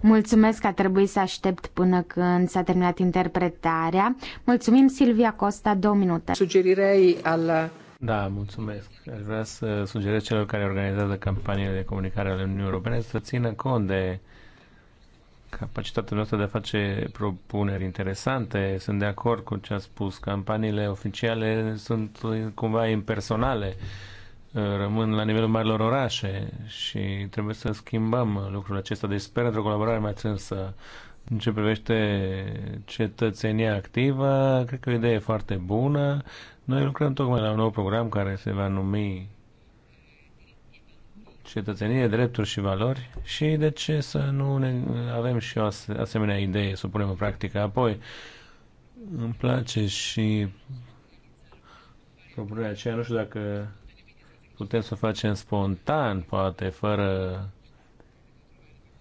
Mulțumesc că a trebuit să aștept până când s-a terminat interpretarea. Mulțumim, Silvia Costa, două minute. Sugerirei al da, mulțumesc. Aș vrea să sugerez celor care organizează campaniile de comunicare ale Uniunii Europene să țină cont de capacitatea noastră de a face propuneri interesante. Sunt de acord cu ce a spus. Campaniile oficiale sunt cumva impersonale, rămân la nivelul marilor orașe și trebuie să schimbăm lucrul acesta. Deci sper într-o colaborare mai strânsă în ce privește cetățenia activă, cred că o idee foarte bună. Noi lucrăm tocmai la un nou program care se va numi Cetățenie, Drepturi și Valori și de ce să nu ne avem și o asemenea idee să o punem în practică. Apoi, îmi place și propunerea aceea, nu știu dacă putem să o facem spontan, poate, fără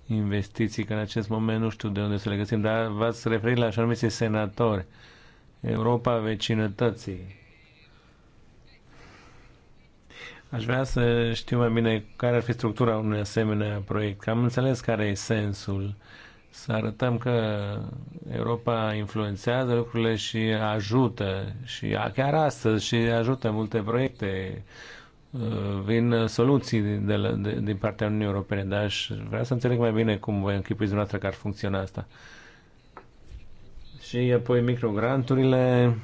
investiții, că în acest moment nu știu de unde să le găsim, dar v-ați referit la așa numiți senatori. Europa vecinătății. Aș vrea să știu mai bine care ar fi structura unui asemenea proiect. am înțeles care e sensul. Să arătăm că Europa influențează lucrurile și ajută. Și chiar astăzi și ajută multe proiecte. Uh, vin soluții de la, de, din partea Uniunii Europene, dar aș vrea să înțeleg mai bine cum voi închipuiți dumneavoastră că ar funcționa asta. Și apoi microgranturile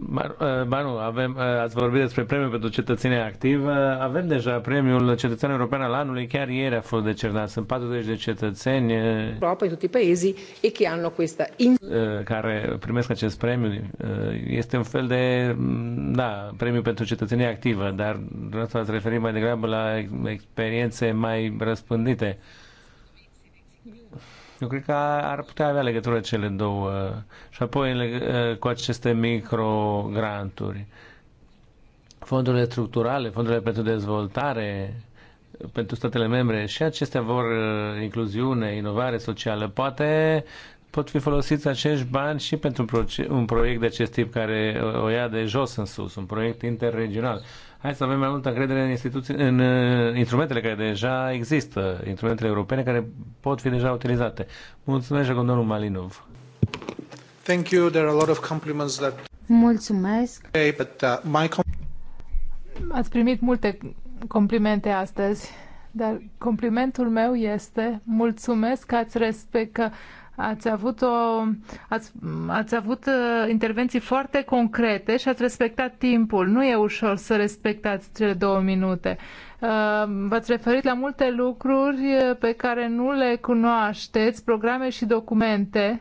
Manu, eh, avem, eh, ați vorbit despre premiul pentru cetățenie activ. Avem deja premiul cetățean european al anului, chiar ieri a fost decernat. Sunt 40 de cetățeni Europa, eh, în toți i e care primesc acest premiu. Este un fel de, mm, da, premiu pentru cetățenie activă, dar vreau să ați referit mai degrabă la experiențe mai răspândite. Eu cred că ar putea avea legătură cele două. Și apoi ă, cu aceste microgranturi. Fondurile structurale, fondurile pentru dezvoltare, pentru statele membre și acestea vor ă, incluziune, inovare socială. Poate pot fi folosiți acești bani și pentru un proiect de acest tip care uh, o ia de jos în sus, un proiect interregional. Hai să avem mai multă încredere în, instituții, în uh, instrumentele care deja există, instrumentele europene care pot fi deja utilizate. Mulțumesc, domnul Malinov. Thank you. There are a lot of compliments that... Mulțumesc. Okay, but, uh, my Ați primit multe complimente astăzi, dar complimentul meu este mulțumesc că ați respect, că Ați avut, o, ați, ați avut uh, intervenții foarte concrete și ați respectat timpul. Nu e ușor să respectați cele două minute. Uh, v-ați referit la multe lucruri uh, pe care nu le cunoașteți, programe și documente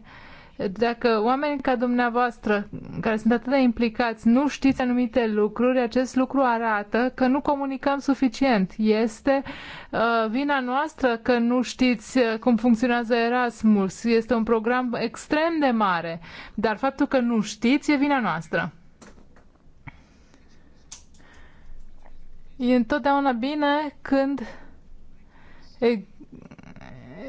dacă oamenii ca dumneavoastră, care sunt atât de implicați, nu știți anumite lucruri, acest lucru arată că nu comunicăm suficient. Este uh, vina noastră că nu știți uh, cum funcționează Erasmus. Este un program extrem de mare, dar faptul că nu știți e vina noastră. E întotdeauna bine când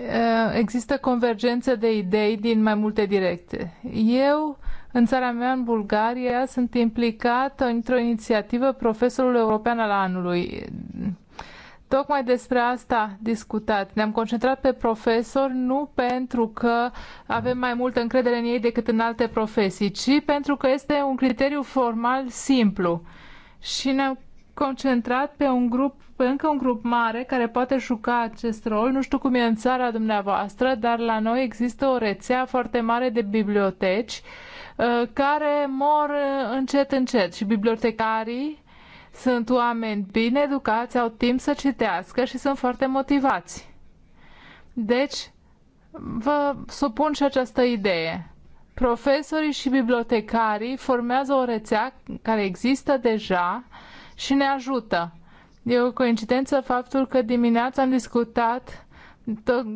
Uh, există convergență de idei din mai multe directe. Eu, în țara mea, în Bulgaria, sunt implicată într-o inițiativă Profesorul European al Anului. Tocmai despre asta discutat. Ne-am concentrat pe profesori nu pentru că avem mai multă încredere în ei decât în alte profesii, ci pentru că este un criteriu formal simplu. Și ne-am concentrat pe un grup, pe încă un grup mare care poate juca acest rol. Nu știu cum e în țara dumneavoastră, dar la noi există o rețea foarte mare de biblioteci uh, care mor uh, încet, încet și bibliotecarii sunt oameni bine educați, au timp să citească și sunt foarte motivați. Deci, vă supun și această idee. Profesorii și bibliotecarii formează o rețea care există deja, uh, și ne ajută. E o coincidență faptul că dimineața am discutat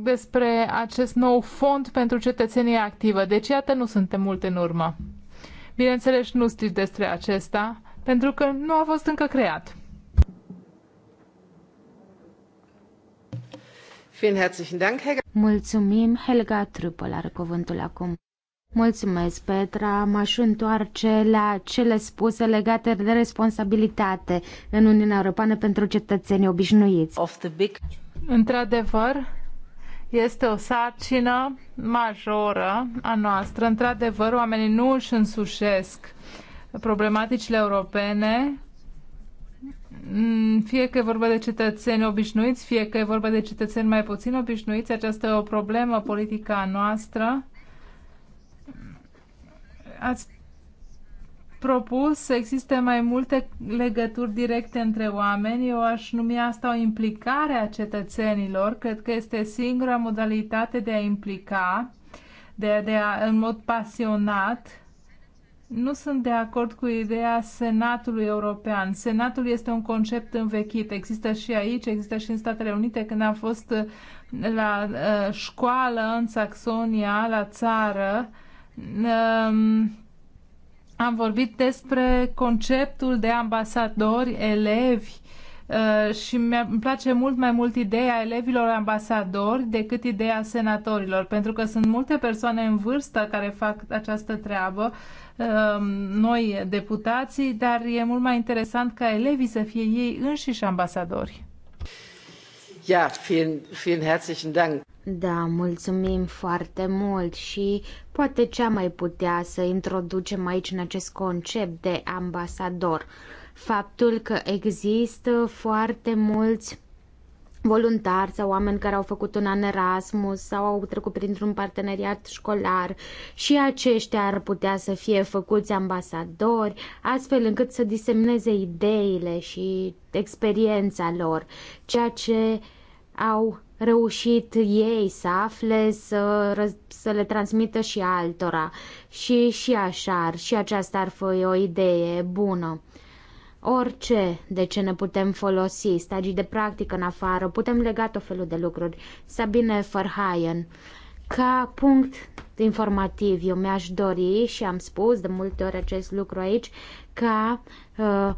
despre acest nou fond pentru cetățenie activă. Deci, iată, nu suntem mult în urmă. Bineînțeles, nu știți despre acesta, pentru că nu a fost încă creat. Mulțumim, Helga Trupă, are cuvântul acum. Mulțumesc, Petra. M-aș întoarce la cele spuse legate de responsabilitate în Uniunea Europeană pentru cetățenii obișnuiți. Big... Într-adevăr, este o sarcină majoră a noastră. Într-adevăr, oamenii nu își însușesc problematicile europene, mm, fie că e vorba de cetățeni obișnuiți, fie că e vorba de cetățeni mai puțin obișnuiți, aceasta e o problemă politică a noastră ați propus să existe mai multe legături directe între oameni. Eu aș numi asta o implicare a cetățenilor. Cred că este singura modalitate de a implica, de a, de a în mod pasionat. Nu sunt de acord cu ideea Senatului European. Senatul este un concept învechit. Există și aici, există și în Statele Unite. Când am fost la uh, școală în Saxonia, la țară, uh, am vorbit despre conceptul de ambasadori, elevi uh, și îmi place mult mai mult ideea elevilor ambasadori decât ideea senatorilor, pentru că sunt multe persoane în vârstă care fac această treabă, um, noi deputații, dar e mult mai interesant ca elevii să fie ei înșiși ambasadori. Ja, vielen, vielen herzlichen Dank. Da, mulțumim foarte mult și poate ce mai putea să introducem aici în acest concept de ambasador. Faptul că există foarte mulți voluntari sau oameni care au făcut un an Erasmus sau au trecut printr-un parteneriat școlar și aceștia ar putea să fie făcuți ambasadori, astfel încât să disemneze ideile și experiența lor, ceea ce au reușit ei să afle, să, să le transmită și altora. Și, și așa, și aceasta ar fi o idee bună orice de ce ne putem folosi, stagii de practică în afară, putem lega tot felul de lucruri. Sabine Verhaien, ca punct informativ, eu mi-aș dori și am spus de multe ori acest lucru aici, ca uh,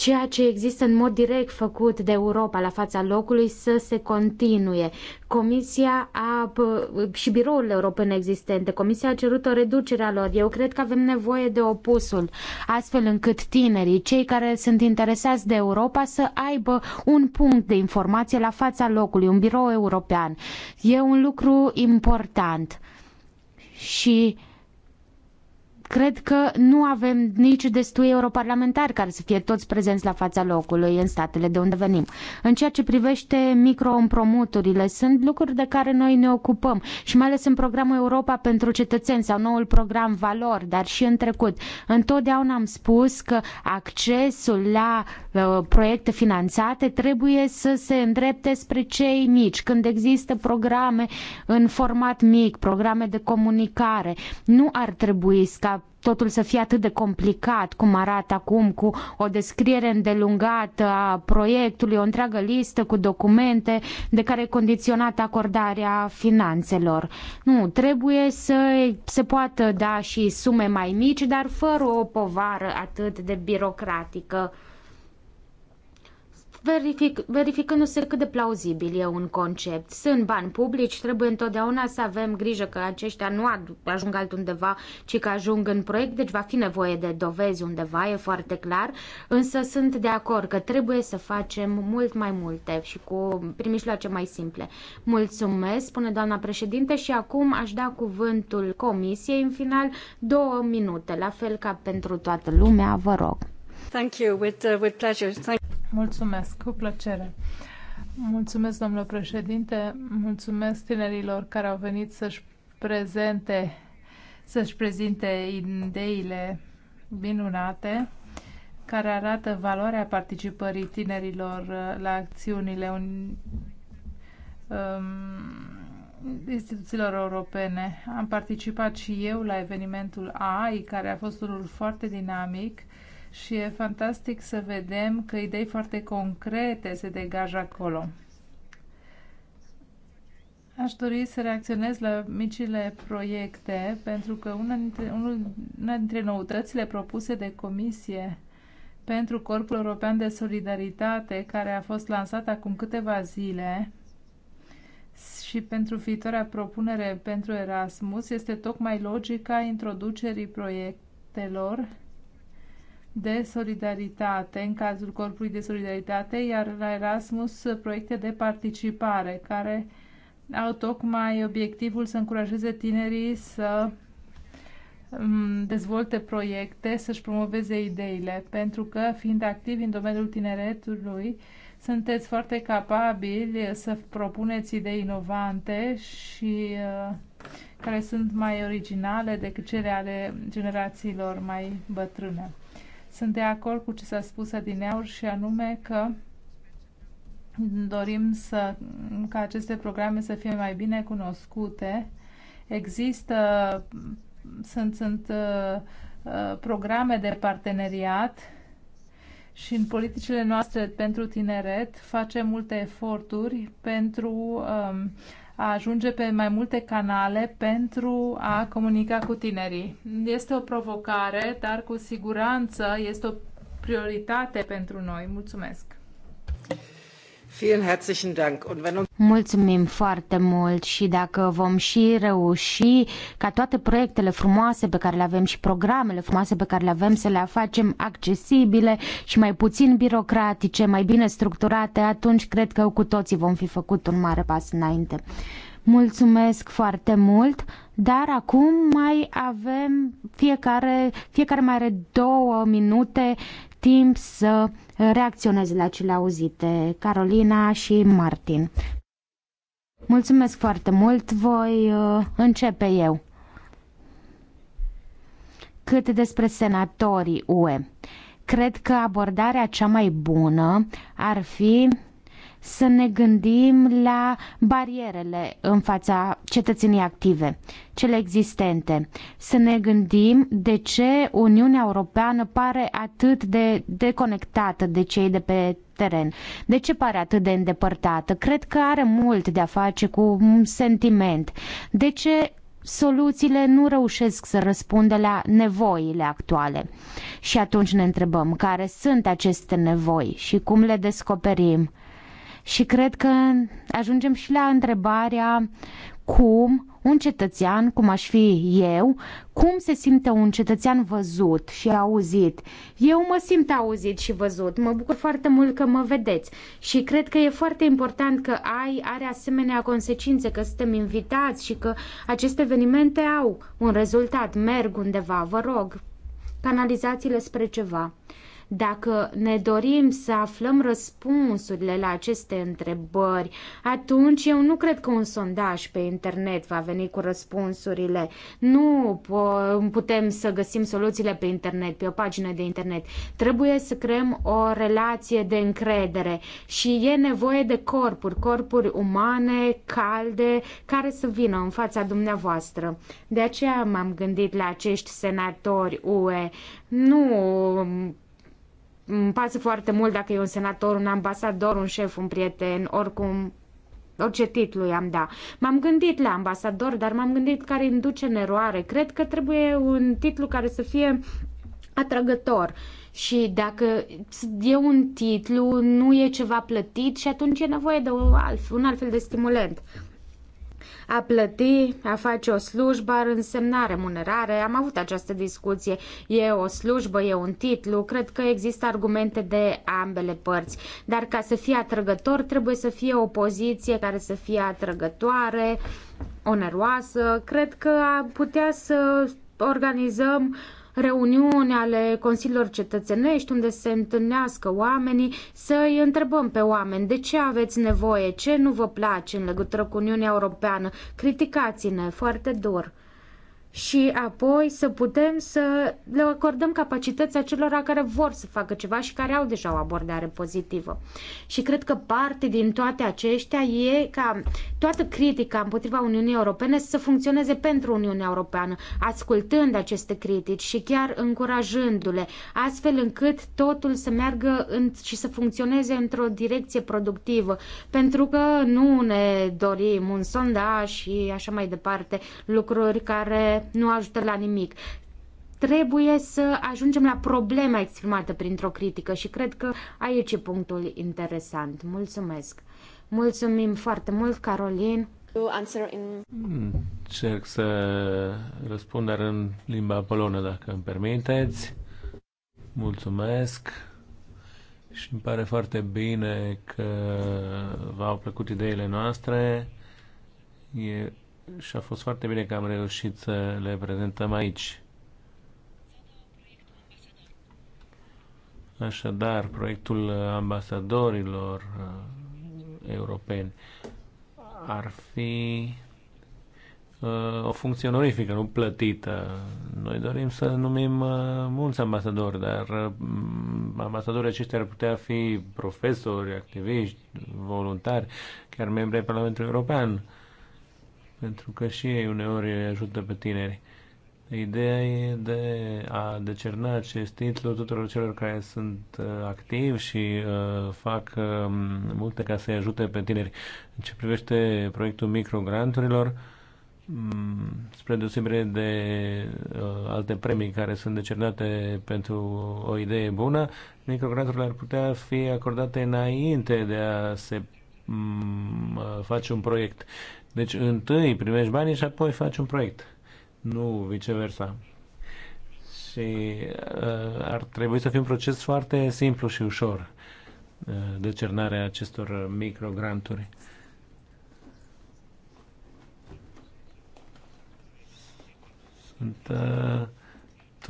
ceea ce există în mod direct făcut de Europa la fața locului să se continue. Comisia a, și birourile europene existente, Comisia a cerut o reducere a lor. Eu cred că avem nevoie de opusul, astfel încât tinerii, cei care sunt interesați de Europa, să aibă un punct de informație la fața locului, un birou european. E un lucru important. Și Cred că nu avem nici destui europarlamentari care să fie toți prezenți la fața locului în statele de unde venim. În ceea ce privește microîmpromuturile, sunt lucruri de care noi ne ocupăm și mai ales în programul Europa pentru cetățeni sau noul program Valori, dar și în trecut. Întotdeauna am spus că accesul la uh, proiecte finanțate trebuie să se îndrepte spre cei mici. Când există programe în format mic, programe de comunicare, nu ar trebui ca totul să fie atât de complicat cum arată acum cu o descriere îndelungată a proiectului, o întreagă listă cu documente de care e condiționată acordarea finanțelor. Nu, trebuie să se poată da și sume mai mici, dar fără o povară atât de birocratică verific, verificându-se cât de plauzibil e un concept. Sunt bani publici, trebuie întotdeauna să avem grijă că aceștia nu ajung altundeva, ci că ajung în proiect, deci va fi nevoie de dovezi undeva, e foarte clar, însă sunt de acord că trebuie să facem mult mai multe și cu prin mijloace mai simple. Mulțumesc, spune doamna președinte, și acum aș da cuvântul comisiei în final două minute, la fel ca pentru toată lumea, vă rog. Thank you, with, uh, with pleasure. Thank Mulțumesc, cu plăcere. Mulțumesc, domnule președinte, mulțumesc tinerilor care au venit să-și prezente, să-și prezinte ideile minunate care arată valoarea participării tinerilor uh, la acțiunile un, um, instituțiilor europene. Am participat și eu la evenimentul AI, care a fost unul foarte dinamic și e fantastic să vedem că idei foarte concrete se degajă acolo. Aș dori să reacționez la micile proiecte, pentru că una dintre, unul, una dintre noutățile propuse de Comisie pentru Corpul European de Solidaritate, care a fost lansat acum câteva zile, și pentru viitoarea propunere pentru Erasmus, este tocmai logica introducerii proiectelor de solidaritate, în cazul Corpului de Solidaritate, iar la Erasmus proiecte de participare, care au tocmai obiectivul să încurajeze tinerii să mm, dezvolte proiecte, să-și promoveze ideile, pentru că, fiind activi în domeniul tineretului, sunteți foarte capabili să propuneți idei inovante și uh, care sunt mai originale decât cele ale generațiilor mai bătrâne. Sunt de acord cu ce s-a spus adineaur și anume că dorim să, ca aceste programe să fie mai bine cunoscute. Există, sunt, sunt uh, uh programe de parteneriat și în politicile noastre pentru tineret facem multe eforturi pentru uh, a ajunge pe mai multe canale pentru a comunica cu tinerii. Este o provocare, dar cu siguranță este o prioritate pentru noi. Mulțumesc! Mulțumim foarte mult și dacă vom și reuși ca toate proiectele frumoase pe care le avem și programele frumoase pe care le avem să le facem accesibile și mai puțin birocratice, mai bine structurate, atunci cred că cu toții vom fi făcut un mare pas înainte. Mulțumesc foarte mult, dar acum mai avem fiecare, fiecare mai are două minute timp să reacționeze la cele auzite, Carolina și Martin. Mulțumesc foarte mult, voi uh, începe eu. Cât despre senatorii UE, cred că abordarea cea mai bună ar fi să ne gândim la barierele în fața cetățenii active, cele existente. Să ne gândim de ce Uniunea Europeană pare atât de deconectată de cei de pe teren. De ce pare atât de îndepărtată? Cred că are mult de a face cu un sentiment. De ce soluțiile nu reușesc să răspundă la nevoile actuale. Și atunci ne întrebăm care sunt aceste nevoi și cum le descoperim. Și cred că ajungem și la întrebarea cum un cetățean, cum aș fi eu, cum se simte un cetățean văzut și auzit. Eu mă simt auzit și văzut, mă bucur foarte mult că mă vedeți și cred că e foarte important că ai are asemenea consecințe, că suntem invitați și că aceste evenimente au un rezultat, merg undeva, vă rog, penalizați-le spre ceva. Dacă ne dorim să aflăm răspunsurile la aceste întrebări, atunci eu nu cred că un sondaj pe internet va veni cu răspunsurile. Nu putem să găsim soluțiile pe internet, pe o pagină de internet. Trebuie să creăm o relație de încredere și e nevoie de corpuri, corpuri umane, calde, care să vină în fața dumneavoastră. De aceea m-am gândit la acești senatori UE. Nu îmi pasă foarte mult dacă e un senator, un ambasador, un șef, un prieten, oricum, orice titlu i-am da. M-am gândit la ambasador, dar m-am gândit care induce în eroare. Cred că trebuie un titlu care să fie atrăgător. Și dacă e un titlu, nu e ceva plătit și atunci e nevoie de un alt, un alt fel de stimulant. A plăti, a face o slujbă ar însemna remunerare. Am avut această discuție. E o slujbă, e un titlu. Cred că există argumente de ambele părți. Dar ca să fie atrăgător, trebuie să fie o poziție care să fie atrăgătoare, oneroasă. Cred că am putea să organizăm uh, reuniuni ale Consiliilor Cetățenești, unde se întâlnească oamenii, să îi întrebăm pe oameni de ce aveți nevoie, ce nu vă place în legătură cu Uniunea Europeană. Criticați-ne foarte dur și apoi să putem să le acordăm capacități acelora care vor să facă ceva și care au deja o abordare pozitivă. Și cred că parte din toate aceștia e ca toată critica împotriva Uniunii Europene să funcționeze pentru Uniunea Europeană, ascultând aceste critici și chiar încurajându-le, astfel încât totul să meargă în, și să funcționeze într-o direcție productivă, pentru că nu ne dorim un sondaj și așa mai departe, lucruri care nu ajută la nimic. Trebuie să ajungem la problema exprimată printr-o critică și cred că aici e punctul interesant. Mulțumesc! Mulțumim foarte mult, Carolin! Hmm, încerc să răspund, dar în limba polonă, dacă îmi permiteți. Mulțumesc și îmi pare foarte bine că v-au plăcut ideile noastre. E și a fost foarte bine că am reușit să le prezentăm aici. Așadar, proiectul ambasadorilor uh, europeni ar fi uh, o funcție onorifică, nu plătită. Noi dorim să numim uh, mulți ambasadori, dar ambasadorii aceștia ar putea fi profesori, activiști, voluntari, chiar membri ai Parlamentului European pentru că și ei uneori ajută pe tineri. Ideea e de a decerna acest titlu tuturor celor care sunt uh, activi și uh, fac uh, multe ca să-i ajute pe tineri. În ce privește proiectul microgranturilor, um, spre deosebire de uh, alte premii care sunt decernate pentru o idee bună, microgranturile ar putea fi acordate înainte de a se um, face un proiect. Uh, deci întâi primești banii și apoi faci un proiect. Nu viceversa. Și uh, ar trebui să fie un proces foarte simplu și ușor uh, de cernarea acestor microgranturi. Sunt uh,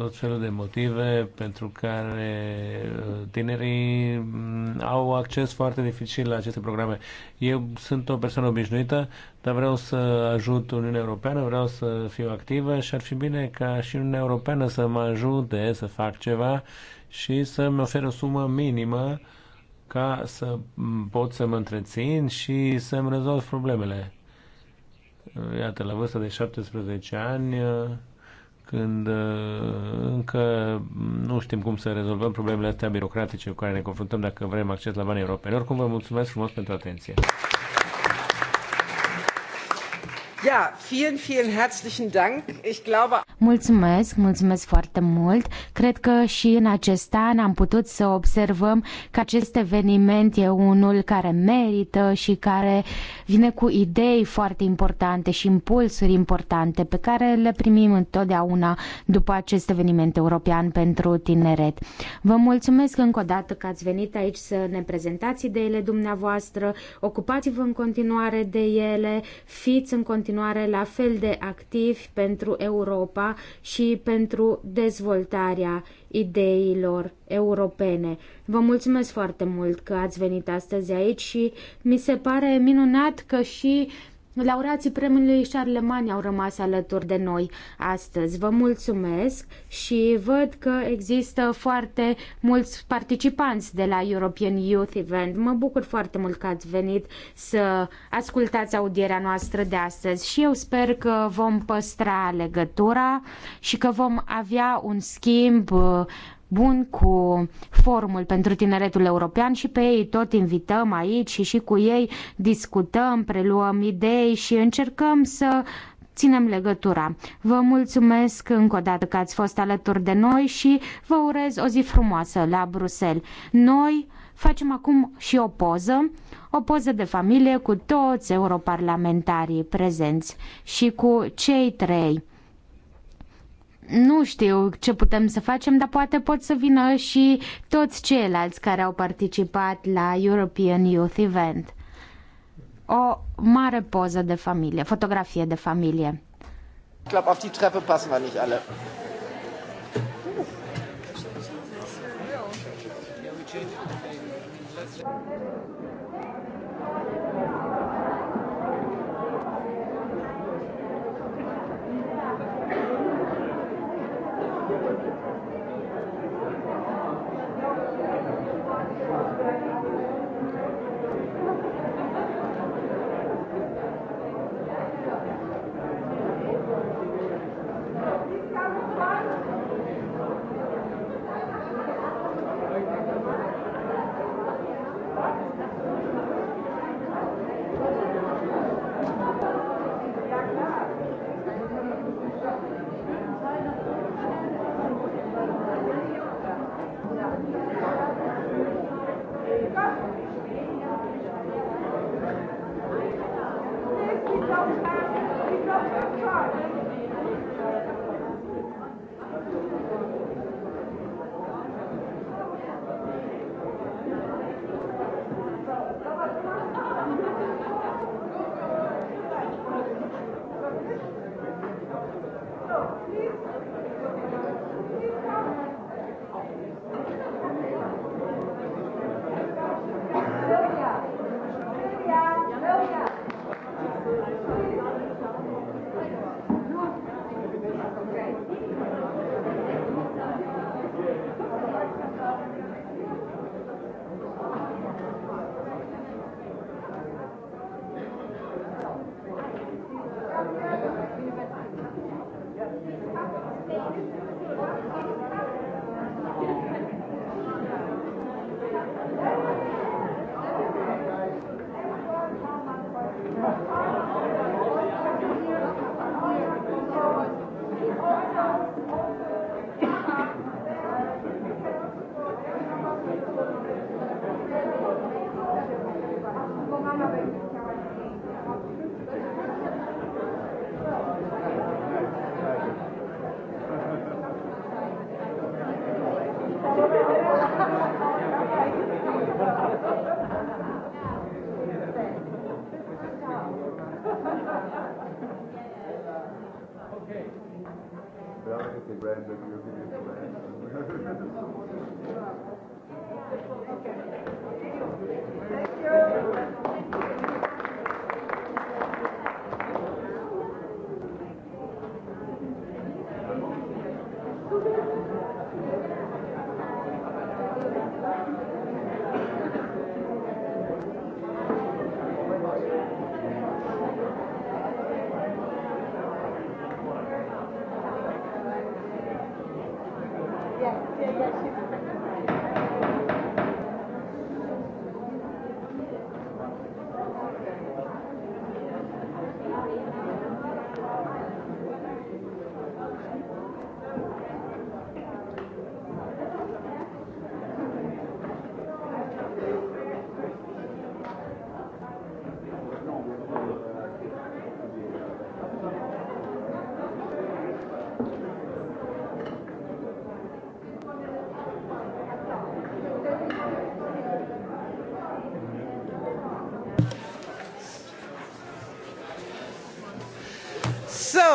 tot felul de motive pentru care uh, tinerii mm, au acces foarte dificil la aceste programe. Eu sunt o persoană obișnuită, dar vreau să ajut Uniunea Europeană, vreau să fiu activă și ar fi bine ca și Uniunea Europeană să mă ajute să fac ceva și să-mi oferă o sumă minimă ca să mm, pot să mă întrețin și să-mi rezolv problemele. Iată, la vârsta de 17 ani, uh, când uh, încă nu știm cum să rezolvăm problemele astea birocratice cu care ne confruntăm dacă vrem acces la banii europeni. Oricum, vă mulțumesc frumos pentru atenție. Ja, vielen, vielen herzlichen Dank. Ich glaube... Mulțumesc, mulțumesc foarte mult. Cred că și în acest an am putut să observăm că acest eveniment e unul care merită și care uh, vine cu idei foarte importante și impulsuri importante pe care le primim întotdeauna după acest eveniment european pentru tineret. Vă mulțumesc încă o dată că ați venit aici să ne prezentați ideile dumneavoastră, ocupați-vă în continuare de ele, fiți în continuare la fel de activi pentru Europa și pentru dezvoltarea ideilor europene. Vă mulțumesc foarte mult că ați venit astăzi aici și mi se pare minunat că și Laureații premiului Charlemagne au rămas alături de noi astăzi. Vă mulțumesc și văd că există foarte mulți participanți de la European Youth Event. Mă bucur foarte mult că ați venit să ascultați audierea noastră de astăzi și eu sper că vom păstra legătura și că vom avea un schimb uh, bun cu forumul pentru tineretul european și pe ei tot invităm aici și și cu ei discutăm, preluăm idei și încercăm să ținem legătura. Vă mulțumesc încă o dată că ați fost alături de noi și vă urez o zi frumoasă la Bruxelles. Noi facem acum și o poză, o poză de familie cu toți europarlamentarii prezenți și cu cei trei nu știu ce putem să facem, dar poate pot să vină și toți ceilalți care au participat la European Youth Event. O mare poză de familie, fotografie de familie. Ich glaube, auf die Treppe passen wir nicht alle. Thank you.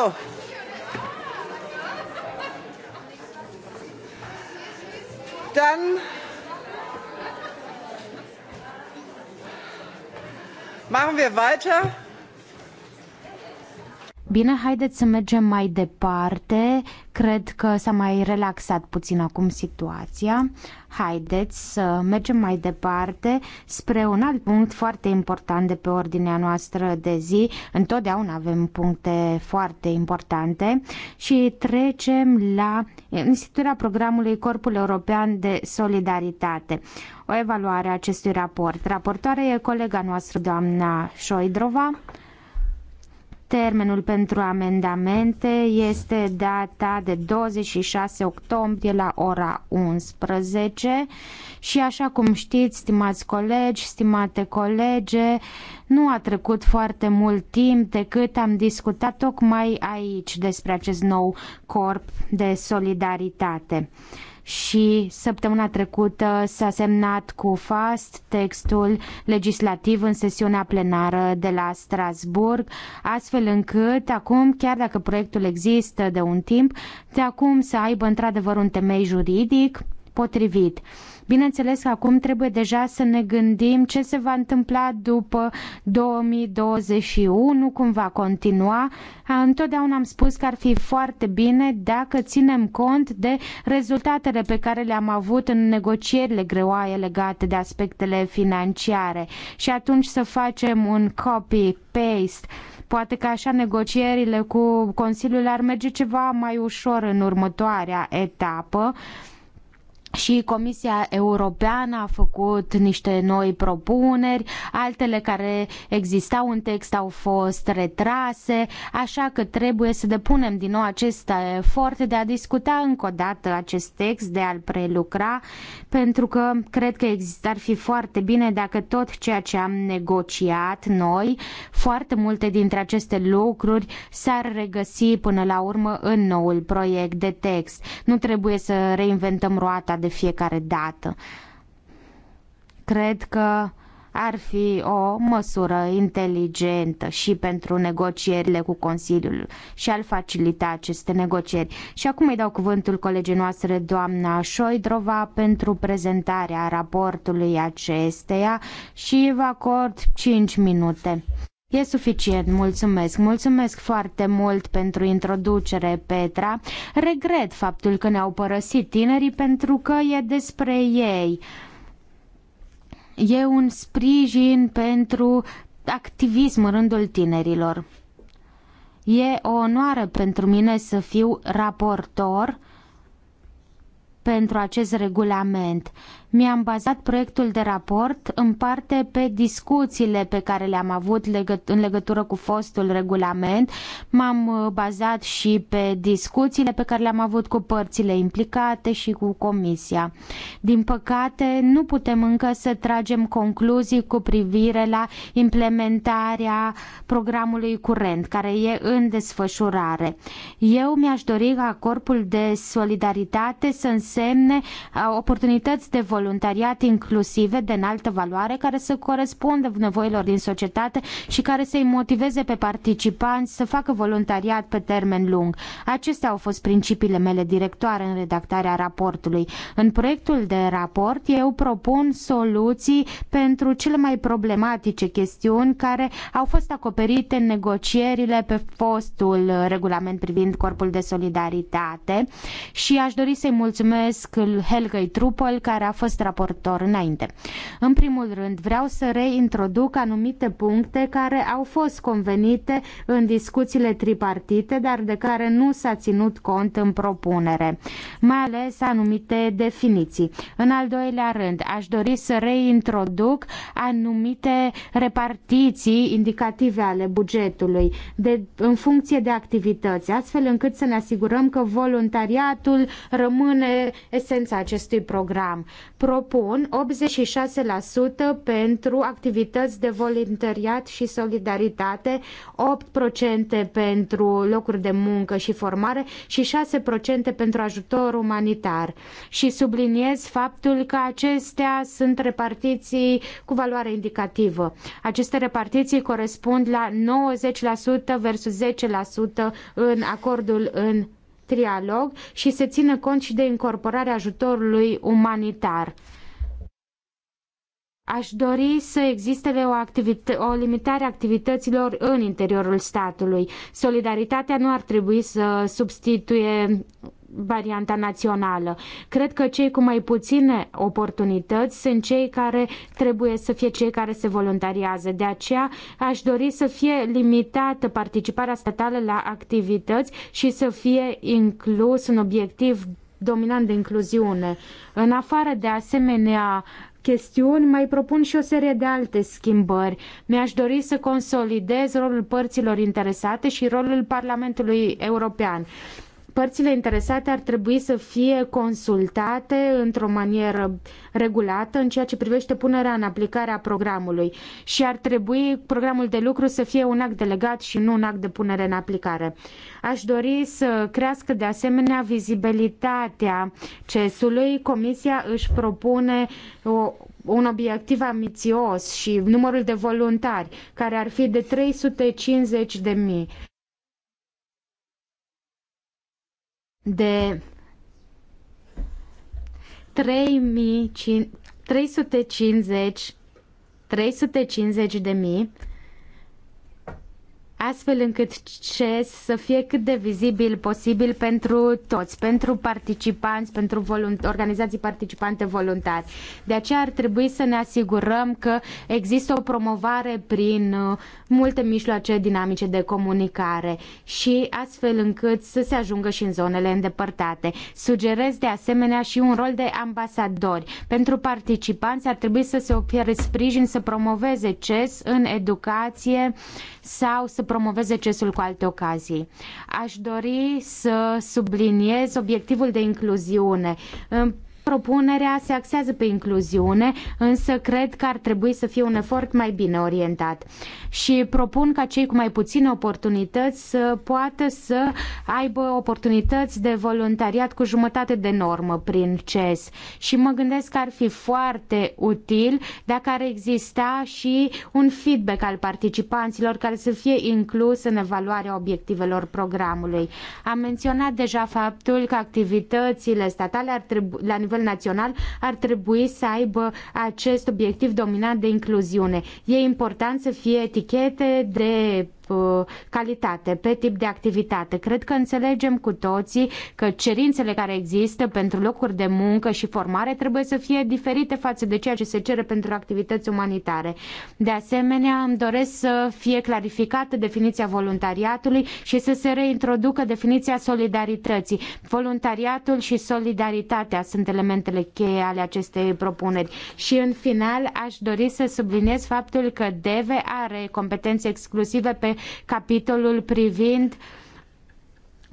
So. Dann machen wir weiter. Bine, haideți să mergem mai departe. Cred că s-a mai relaxat puțin acum situația. Haideți să mergem mai departe spre un alt punct foarte important de pe ordinea noastră de zi. Întotdeauna avem puncte foarte importante și trecem la instituirea programului Corpul European de Solidaritate. O evaluare a acestui raport. Raportoarea e colega noastră, doamna Șoidrova. Termenul pentru amendamente este data de 26 octombrie la ora 11 și așa cum știți, stimați colegi, stimate colege, nu a trecut foarte mult timp decât am discutat tocmai aici despre acest nou corp de solidaritate și săptămâna trecută s-a semnat cu FAST textul legislativ în sesiunea plenară de la Strasburg, astfel încât acum, chiar dacă proiectul există de un timp, de acum să aibă într-adevăr un temei juridic potrivit. Bineînțeles că acum trebuie deja să ne gândim ce se va întâmpla după 2021, cum va continua. Întotdeauna am spus că ar fi foarte bine dacă ținem cont de rezultatele pe care le-am avut în negocierile greoaie legate de aspectele financiare și atunci să facem un copy-paste Poate că așa negocierile cu Consiliul ar merge ceva mai ușor în următoarea etapă și Comisia Europeană a făcut niște noi propuneri, altele care existau în text au fost retrase, așa că trebuie să depunem din nou acest efort de a discuta încă o dată acest text, de a-l prelucra, pentru că cred că există, ar fi foarte bine dacă tot ceea ce am negociat noi, foarte multe dintre aceste lucruri s-ar regăsi până la urmă în noul proiect de text. Nu trebuie să reinventăm roata de de fiecare dată. Cred că ar fi o măsură inteligentă și pentru negocierile cu Consiliul și ar facilita aceste negocieri. Și acum îi dau cuvântul colegii noastre, doamna Șoidrova, pentru prezentarea raportului acesteia și vă acord 5 minute. E suficient, mulțumesc. Mulțumesc foarte mult pentru introducere, Petra. Regret faptul că ne-au părăsit tinerii pentru că e despre ei. E un sprijin pentru activism în rândul tinerilor. E o onoare pentru mine să fiu raportor pentru acest regulament. Mi-am bazat proiectul de raport în parte pe discuțiile pe care le-am avut legăt în legătură cu fostul regulament. M-am uh, bazat și pe discuțiile pe care le-am avut cu părțile implicate și cu Comisia. Din păcate, nu putem încă să tragem concluzii cu privire la implementarea programului curent, care e în desfășurare. Eu mi-aș dori ca Corpul de Solidaritate să însemne însemne oportunități de voluntariat inclusive de înaltă valoare care să corespundă nevoilor din societate și care să-i motiveze pe participanți să facă voluntariat pe termen lung. Acestea au fost principiile mele directoare în redactarea raportului. În proiectul de raport eu propun soluții pentru cele mai problematice chestiuni care au fost acoperite în negocierile pe fostul regulament privind corpul de solidaritate și aș dori să-i mulțumesc mulțumesc Helgei Trupel, care a fost raportor înainte. În primul rând, vreau să reintroduc anumite puncte care au fost convenite în discuțiile tripartite, dar de care nu s-a ținut cont în propunere, mai ales anumite definiții. În al doilea rând, aș dori să reintroduc anumite repartiții indicative ale bugetului de, în funcție de activități, astfel încât să ne asigurăm că voluntariatul rămâne esența acestui program. Propun 86% pentru activități de voluntariat și solidaritate, 8% pentru locuri de muncă și formare și 6% pentru ajutor umanitar. Și subliniez faptul că acestea sunt repartiții cu valoare indicativă. Aceste repartiții corespund la 90% versus 10% în acordul în trialog și se țină cont și de incorporarea ajutorului umanitar. Aș dori să existe o, o limitare a activităților în interiorul statului. Solidaritatea nu ar trebui să substituie varianta națională. Cred că cei cu mai puține oportunități sunt cei care trebuie să fie cei care se voluntariază. De aceea aș dori să fie limitată participarea statală la activități și să fie inclus un obiectiv dominant de incluziune. În afară de asemenea chestiuni, mai propun și o serie de alte schimbări. Mi-aș dori să consolidez rolul părților interesate și rolul Parlamentului European. Părțile interesate ar trebui să fie consultate într-o manieră regulată în ceea ce privește punerea în aplicare a programului și ar trebui programul de lucru să fie un act delegat și nu un act de punere în aplicare. Aș dori să crească de asemenea vizibilitatea CES-ului. Comisia își propune o un obiectiv ambițios și numărul de voluntari, care ar fi de 350 de mii. de 3550 350 de mii astfel încât CES să fie cât de vizibil posibil pentru toți, pentru participanți, pentru volunt- organizații participante voluntari. De aceea ar trebui să ne asigurăm că există o promovare prin uh, multe mijloace dinamice de comunicare și astfel încât să se ajungă și în zonele îndepărtate. Sugerez de asemenea și un rol de ambasadori. Pentru participanți ar trebui să se ofere sprijin să promoveze CES în educație sau să promoveze CES-ul cu alte ocazii. Aș dori să subliniez obiectivul de incluziune. În Propunerea se axează pe incluziune, însă cred că ar trebui să fie un efort mai bine orientat. Și propun ca cei cu mai puține oportunități să poată să aibă oportunități de voluntariat cu jumătate de normă prin CES. Și mă gândesc că ar fi foarte util dacă ar exista și un feedback al participanților care să fie inclus în evaluarea obiectivelor programului. Am menționat deja faptul că activitățile statale ar trebui, la nivel nivel național ar trebui să aibă acest obiectiv dominant de incluziune. E important să fie etichete de Uh, calitate, pe tip de activitate. Cred că înțelegem cu toții că cerințele care există pentru locuri de muncă și formare trebuie să fie diferite față de ceea ce se cere pentru activități umanitare. De asemenea, îmi doresc să fie clarificată definiția voluntariatului și să se reintroducă definiția solidarității. Voluntariatul și solidaritatea sunt elementele cheie ale acestei propuneri. Și în final, aș dori să subliniez faptul că DEVE are competențe exclusive pe capitolul privind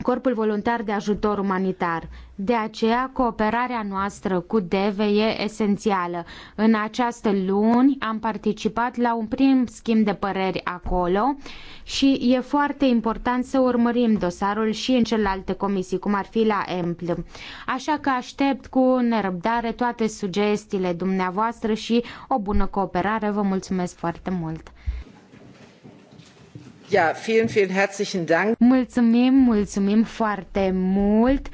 Corpul Voluntar de Ajutor Umanitar. De aceea, cooperarea noastră cu DEVE e esențială. În această luni am participat la un prim schimb de păreri acolo și e foarte important să urmărim dosarul și în celelalte comisii, cum ar fi la EMPL. Așa că aștept cu nerăbdare toate sugestiile dumneavoastră și o bună cooperare. Vă mulțumesc foarte mult! Ja, vielen, vielen herzlichen Dank. Mulțumim, mulțumim foarte mult.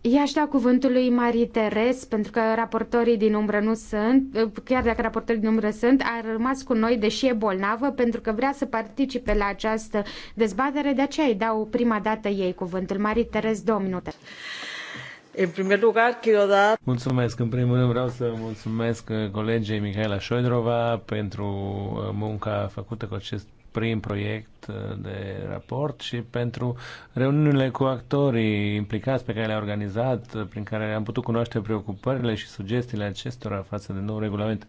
Ia aș cuvântul lui Marie Teres, pentru că raportorii din umbră nu sunt, chiar dacă raportorii din umbră sunt, a rămas cu noi, deși e bolnavă, pentru că vrea să participe la această dezbatere, de aceea îi dau prima dată ei cuvântul. Marie Teres, două minute. Uh, în primul lugar, quiero dar... Mulțumesc. În primul rând vreau să mulțumesc uh, colegei Mihaela Șoidrova pentru uh, munca făcută cu acest prim proiect uh, de raport și pentru reuniunile cu actorii implicați pe care le-a organizat, prin care am putut cunoaște preocupările și sugestiile acestora față de nou regulament.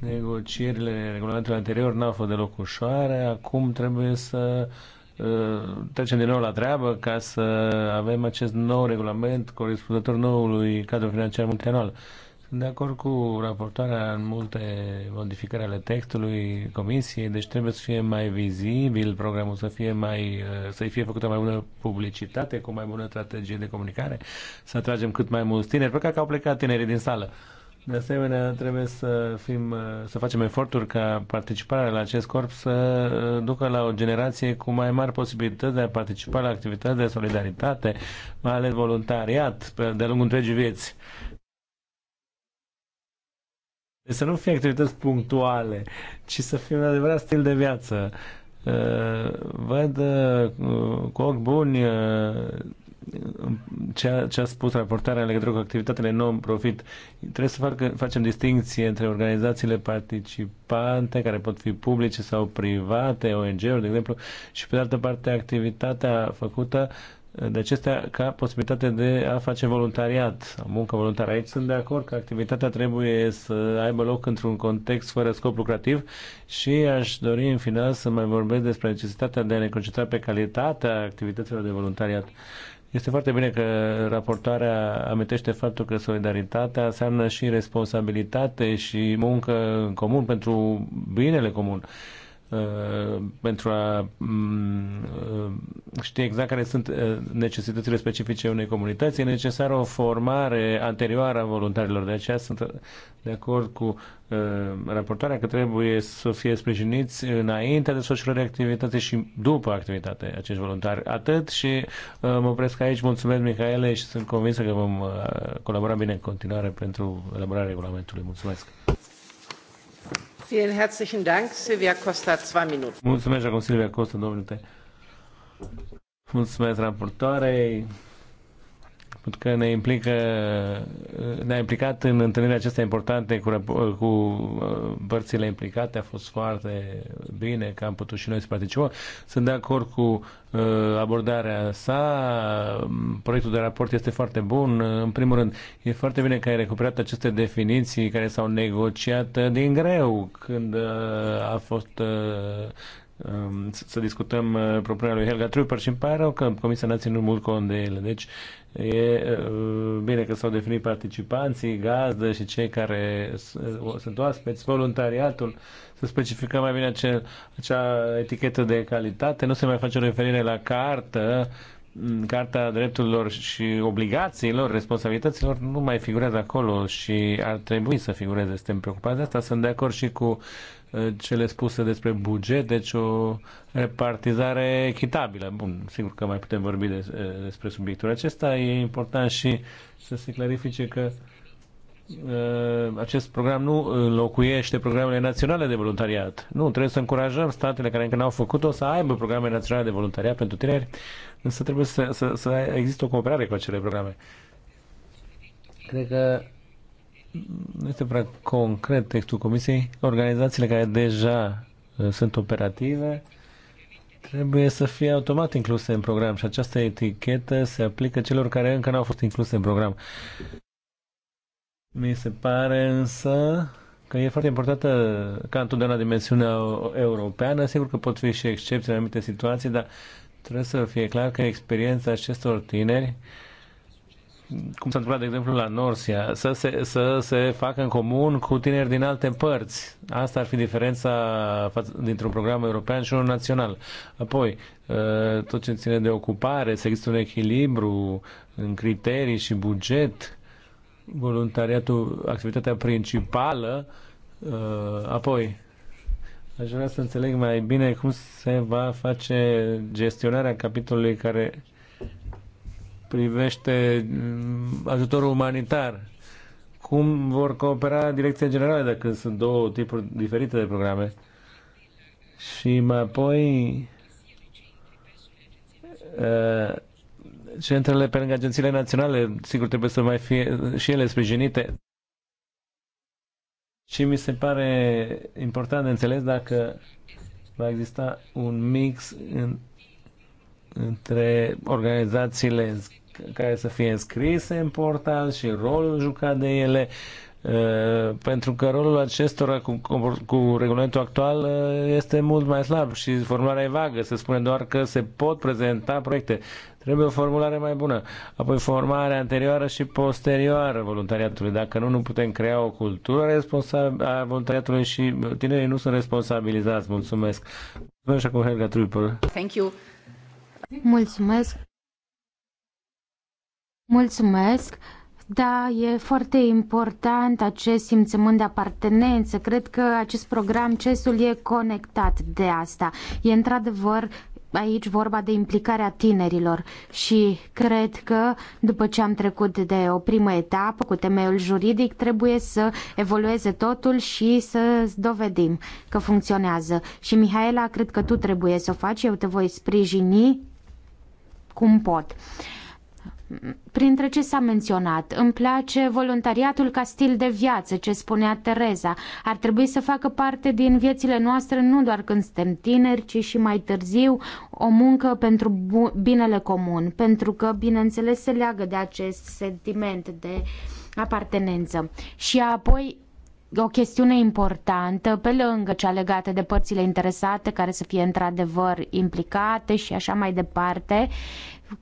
Negocierile regulamentului anterior n-au fost deloc ușoare, acum trebuie să Uh, trecem din nou la treabă ca să avem acest nou regulament corespunzător noului cadru financiar multianual. Sunt de acord cu raportarea în multe modificări ale textului comisiei, deci trebuie să fie mai vizibil programul, să fie mai, uh, să fie făcută mai bună publicitate, cu mai bună strategie de comunicare, să atragem cât mai mulți tineri, pentru că au plecat tinerii din sală. De asemenea, trebuie să, fim, să facem eforturi ca participarea la acest corp să uh, ducă la o generație cu mai mari posibilități de a participa la activități de solidaritate, mai ales voluntariat, de-a lungul întregii vieți. Deci să nu fie activități punctuale, ci să fie un adevărat stil de viață. Uh, văd uh, cu ochi buni ce, ce a spus raportarea în legătură cu activitatele non-profit. Trebuie să facă, facem distinție între organizațiile participante, care pot fi publice sau private, ONG-uri, de exemplu, și pe de altă parte activitatea făcută de acestea ca posibilitate de a face voluntariat sau muncă voluntară. Aici sunt de acord că activitatea trebuie să aibă loc într-un context fără scop lucrativ și aș dori în final să mai vorbesc despre necesitatea de a ne concentra pe calitatea activităților de voluntariat. Este foarte bine că raportarea amintește faptul că solidaritatea înseamnă și responsabilitate și muncă în comun pentru binele comun. Uh, Uh, pentru a mm, uh, ști exact care sunt uh, necesitățile specifice unei comunități, e necesară o formare anterioară a voluntarilor. De aceea sunt de acord cu raportarea că trebuie să fie sprijiniți de desfășurării activității și după activitate acești voluntari. Atât și mă opresc aici. Mulțumesc, Mihaele, și sunt convinsă că vom colabora bine în continuare pentru elaborarea regulamentului. Mulțumesc! Vielen herzlichen Dank, Silvia Costa, zwei minute. Mulțumesc, acum Silvia Costa, două minute. Mulțumesc raportoarei pentru că ne implică, ne-a implicat în întâlnirea acestea importante cu, cu uh, părțile implicate, a fost foarte bine că am putut și noi să participăm. Sunt de acord cu uh, abordarea sa, proiectul de raport este foarte bun. În primul rând, e foarte bine că ai recuperat aceste definiții care s-au negociat din greu când uh, a fost Um, să discutăm uh, propunerea lui Helga Trupper și îmi pare rău că Comisia n-a ținut mult cont de ele. Deci e uh, bine că s-au definit participanții, gazdă și cei care uh, sunt oaspeți, voluntariatul, să specificăm mai bine acea etichetă de calitate. Nu se mai face o referire la cartă, mm, Carta drepturilor și obligațiilor, responsabilităților nu mai figurează acolo și ar trebui să figureze. Suntem preocupați de asta. Sunt de acord și cu uh, Eh, cele spuse despre buget, deci o repartizare echitabilă. Bun, sigur că mai putem vorbi de, eh, despre subiectul acesta. E important și să se clarifice că eh, acest program nu înlocuiește programele naționale de voluntariat. Nu, trebuie să încurajăm statele care încă n-au făcut-o să aibă programe naționale de voluntariat pentru tineri, însă trebuie să, să, să există o cooperare cu acele programe. Cred că nu este prea concret textul Comisiei, organizațiile care deja uh, sunt operative trebuie să fie automat incluse în program și această etichetă se aplică celor care încă nu au fost incluse în program. Mi se pare însă că e foarte importantă ca întotdeauna dimensiunea europeană. Sigur că pot fi și excepții în anumite situații, dar trebuie să fie clar că experiența acestor tineri uh, cum s-a întâmplat, de exemplu, la Norsia, să se, să se facă în comun cu tineri din alte părți. Asta ar fi diferența dintr-un program european și unul național. Apoi, ă, tot ce ține de ocupare, să există un echilibru în criterii și buget, voluntariatul, activitatea principală, ă, apoi Aș vrea să înțeleg mai bine cum se va face gestionarea capitolului care privește mm, ajutorul umanitar. Cum vor coopera direcția generală dacă sunt două tipuri diferite de programe? Și mai apoi eh, centrele pe lângă agențiile naționale, sigur trebuie să mai fie și ele sprijinite. Și mi se pare important de înțeles dacă va exista un mix în, între organizațiile care să fie înscrise în portal și rolul jucat de ele, uh, pentru că rolul acestora cu, cu, cu regulamentul actual uh, este mult mai slab și formularea e vagă, se spune doar că se pot prezenta proiecte. Trebuie o formulare mai bună. Apoi formarea anterioară și posterioară voluntariatului. Dacă nu, nu putem crea o cultură a voluntariatului și tinerii nu sunt responsabilizați. Mulțumesc. Mulțumesc și acum Helga Trupel. Thank you. Mulțumesc. Mulțumesc! Da, e foarte important acest simțământ de apartenență. Cred că acest program CESUL, e conectat de asta. E într-adevăr aici vorba de implicarea tinerilor și cred că după ce am trecut de o primă etapă cu temeiul juridic trebuie să evolueze totul și să dovedim că funcționează. Și Mihaela, cred că tu trebuie să o faci, eu te voi sprijini cum pot. Uh, Printre ce s-a menționat, îmi place voluntariatul ca stil de viață, ce spunea Tereza. Ar trebui să facă parte din viețile noastre nu doar când suntem tineri, ci și mai târziu o muncă pentru binele comun, pentru că, bineînțeles, se leagă de acest sentiment de apartenență. Și apoi o chestiune importantă, pe lângă cea legată de părțile interesate care să fie într-adevăr implicate și așa mai departe,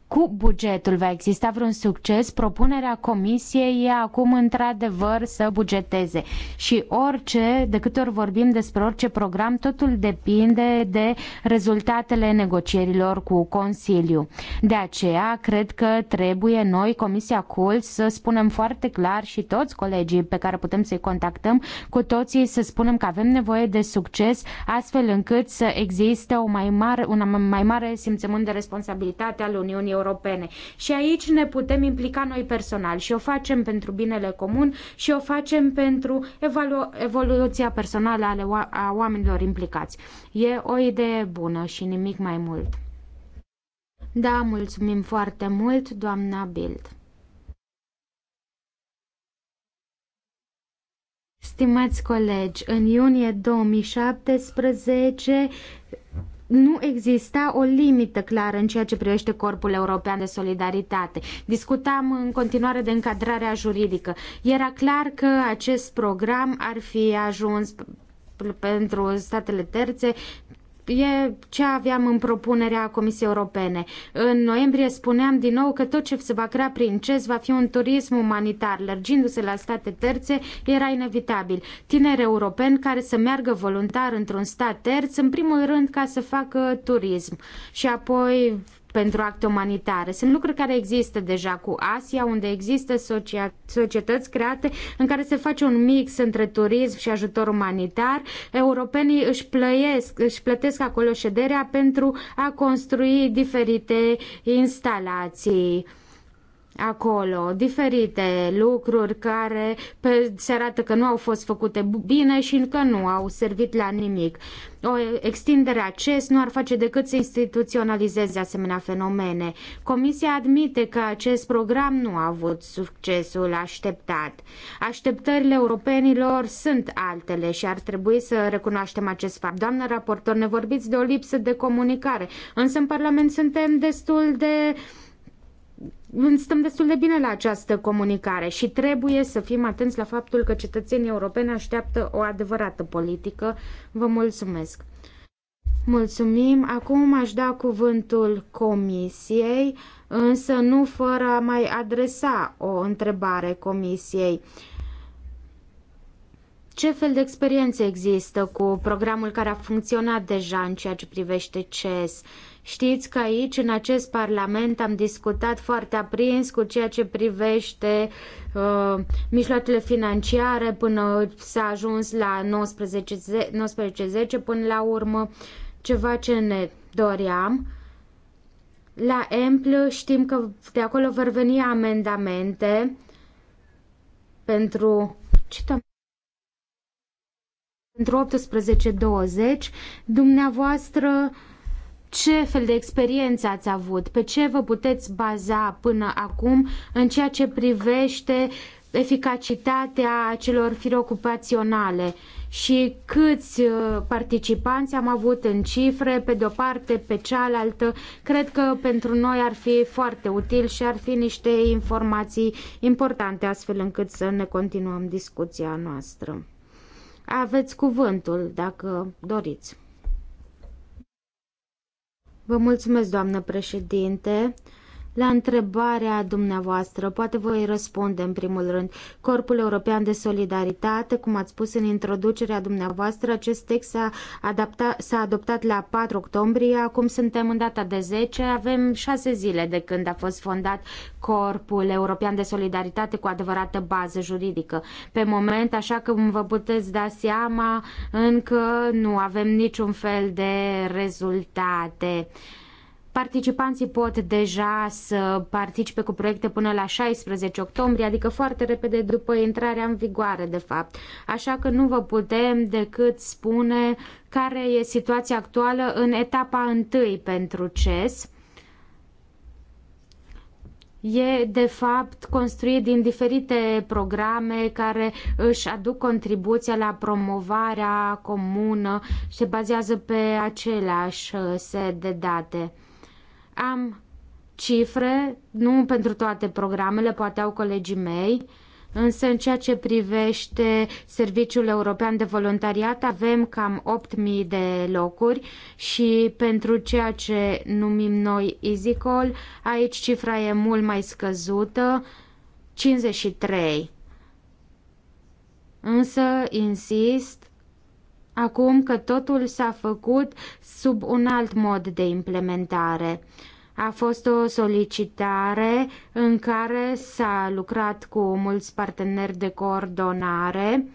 cu bugetul va exista vreun succes, propunerea comisiei e acum într-adevăr să bugeteze. Și orice, de câte ori vorbim despre orice program, totul depinde de rezultatele negocierilor cu Consiliu. De aceea, cred că trebuie noi, Comisia CULT, să spunem foarte clar și toți colegii pe care putem să-i contactăm, cu toții să spunem că avem nevoie de succes, astfel încât să existe o mai mare, un mai mare simțământ de responsabilitate al Uniunii Uniunii Europene. Și aici ne putem implica noi personal și o facem pentru binele comun și o facem pentru evolu- evoluția personală ale a oamenilor implicați. E o idee bună și nimic mai mult. Da, mulțumim foarte mult, doamna Bild. Stimați colegi, în iunie 2017 nu exista o limită clară în ceea ce privește Corpul European de Solidaritate. Discutam în continuare de încadrarea juridică. Era clar că acest program ar fi ajuns pentru statele terțe e ce aveam în propunerea Comisiei Europene. În noiembrie spuneam din nou că tot ce se va crea prin CES va fi un turism umanitar. Lărgindu-se la state terțe, era inevitabil. Tineri europeni care să meargă voluntar într-un stat terț, în primul rând ca să facă turism și apoi pentru acte umanitare. Sunt lucruri care există deja cu Asia, unde există societăți create în care se face un mix între turism și ajutor umanitar. Europenii își, plăiesc, își plătesc acolo șederea pentru a construi diferite instalații acolo diferite lucruri care pe, se arată că nu au fost făcute bine și încă nu au servit la nimic. O extindere a CES nu ar face decât să instituționalizeze asemenea fenomene. Comisia admite că acest program nu a avut succesul așteptat. Așteptările europenilor sunt altele și ar trebui să recunoaștem acest fapt. Doamnă raportor, ne vorbiți de o lipsă de comunicare, însă în Parlament suntem destul de uh, stăm destul de bine la această comunicare și trebuie să fim atenți la faptul că cetățenii europeni așteaptă o adevărată politică. Vă mulțumesc! Mulțumim! Acum aș da cuvântul Comisiei, însă nu fără a mai adresa o întrebare Comisiei. Ce fel de experiență există cu programul care a funcționat deja în ceea ce privește CES? Știți că aici, în acest Parlament, am discutat foarte aprins cu ceea ce privește uh, mijloacele financiare până s-a ajuns la 19.10 19, până la urmă, ceva ce ne doream. La EMPL știm că de acolo vor veni amendamente pentru... Cităm pentru 18-20, dumneavoastră ce fel de experiență ați avut, pe ce vă puteți baza până acum în ceea ce privește eficacitatea acelor fire ocupaționale și câți uh, participanți am avut în cifre, pe de-o parte, pe cealaltă. Cred că pentru noi ar fi foarte util și ar fi niște informații importante astfel încât să ne continuăm discuția noastră. Aveți cuvântul dacă doriți. Vă mulțumesc, doamnă președinte. La întrebarea dumneavoastră, poate voi răspunde în primul rând. Corpul European de Solidaritate, cum ați spus în introducerea dumneavoastră, acest text s-a, adapta, s-a adoptat la 4 octombrie, acum suntem în data de 10, avem 6 zile de când a fost fondat Corpul European de Solidaritate cu adevărată bază juridică. Pe moment, așa că vă puteți da seama, încă nu avem niciun fel de rezultate. Uh, Participanții pot deja să participe cu proiecte până la 16 octombrie, adică foarte repede după intrarea în vigoare, de fapt. Așa că nu vă putem decât spune care e situația actuală în etapa întâi pentru CES e de fapt construit din diferite programe care își aduc contribuția la promovarea comună și se bazează pe aceleași set de date. Am cifre, nu pentru toate programele, poate au colegii mei, însă în ceea ce privește Serviciul European de Voluntariat avem cam 8.000 de locuri și pentru ceea ce numim noi EasyCall, aici cifra e mult mai scăzută, 53. Însă, insist, acum că totul s-a făcut sub un alt mod de implementare. A fost o solicitare în care s-a lucrat cu mulți parteneri de coordonare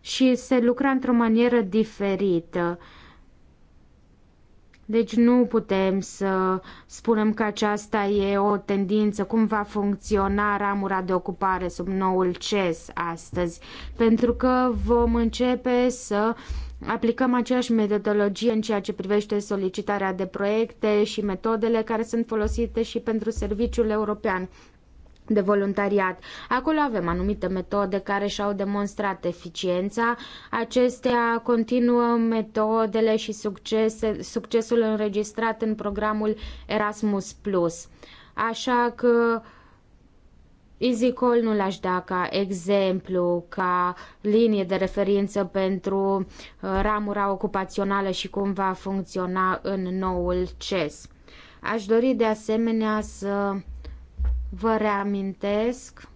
și se lucra într-o manieră diferită. Deci nu putem să spunem că aceasta e o tendință, cum va funcționa ramura de ocupare sub noul CES astăzi, pentru că vom începe să uh, aplicăm aceeași metodologie în ceea ce privește solicitarea de proiecte și metodele care sunt folosite și pentru serviciul european de voluntariat. Acolo avem anumite metode care și-au demonstrat eficiența. Acestea continuă metodele și succese, succesul înregistrat în programul Erasmus+. Așa că uh, Izicol nu l-aș da ca exemplu, ca linie de referință pentru uh, ramura ocupațională și cum va funcționa în noul CES. Aș dori de asemenea să vă reamintesc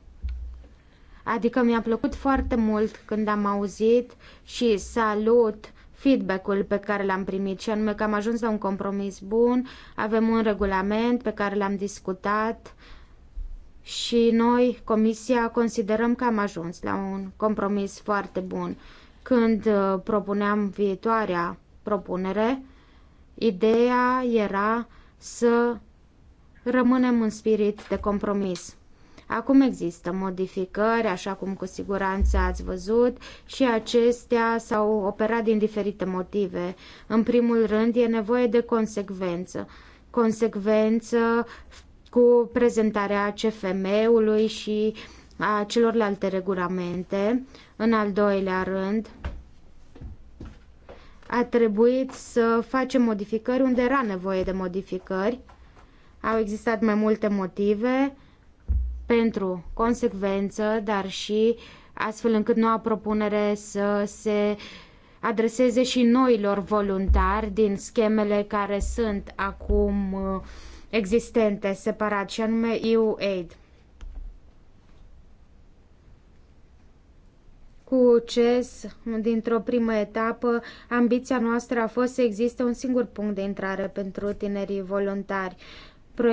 Adică mi-a plăcut foarte mult când am auzit și salut feedback-ul pe care l-am primit și anume că am ajuns la un compromis bun, avem un regulament pe care l-am discutat, uh, și noi, Comisia, considerăm că am ajuns la un compromis foarte bun. Când uh, propuneam viitoarea propunere, ideea era să rămânem în spirit de compromis. Acum există modificări, așa cum cu siguranță ați văzut, și acestea s-au operat din diferite motive. În primul rând, e nevoie de consecvență. Consecvență cu prezentarea CFM-ului și a celorlalte regulamente. În al doilea rând, a trebuit să facem modificări unde era nevoie de modificări. Au existat mai multe motive pentru consecvență, dar și astfel încât noua propunere să se adreseze și noilor voluntari din schemele care sunt acum uh, existente separat, și anume EU-Aid. Cu CES, dintr-o primă etapă, ambiția noastră a fost să existe un singur punct de intrare pentru tinerii voluntari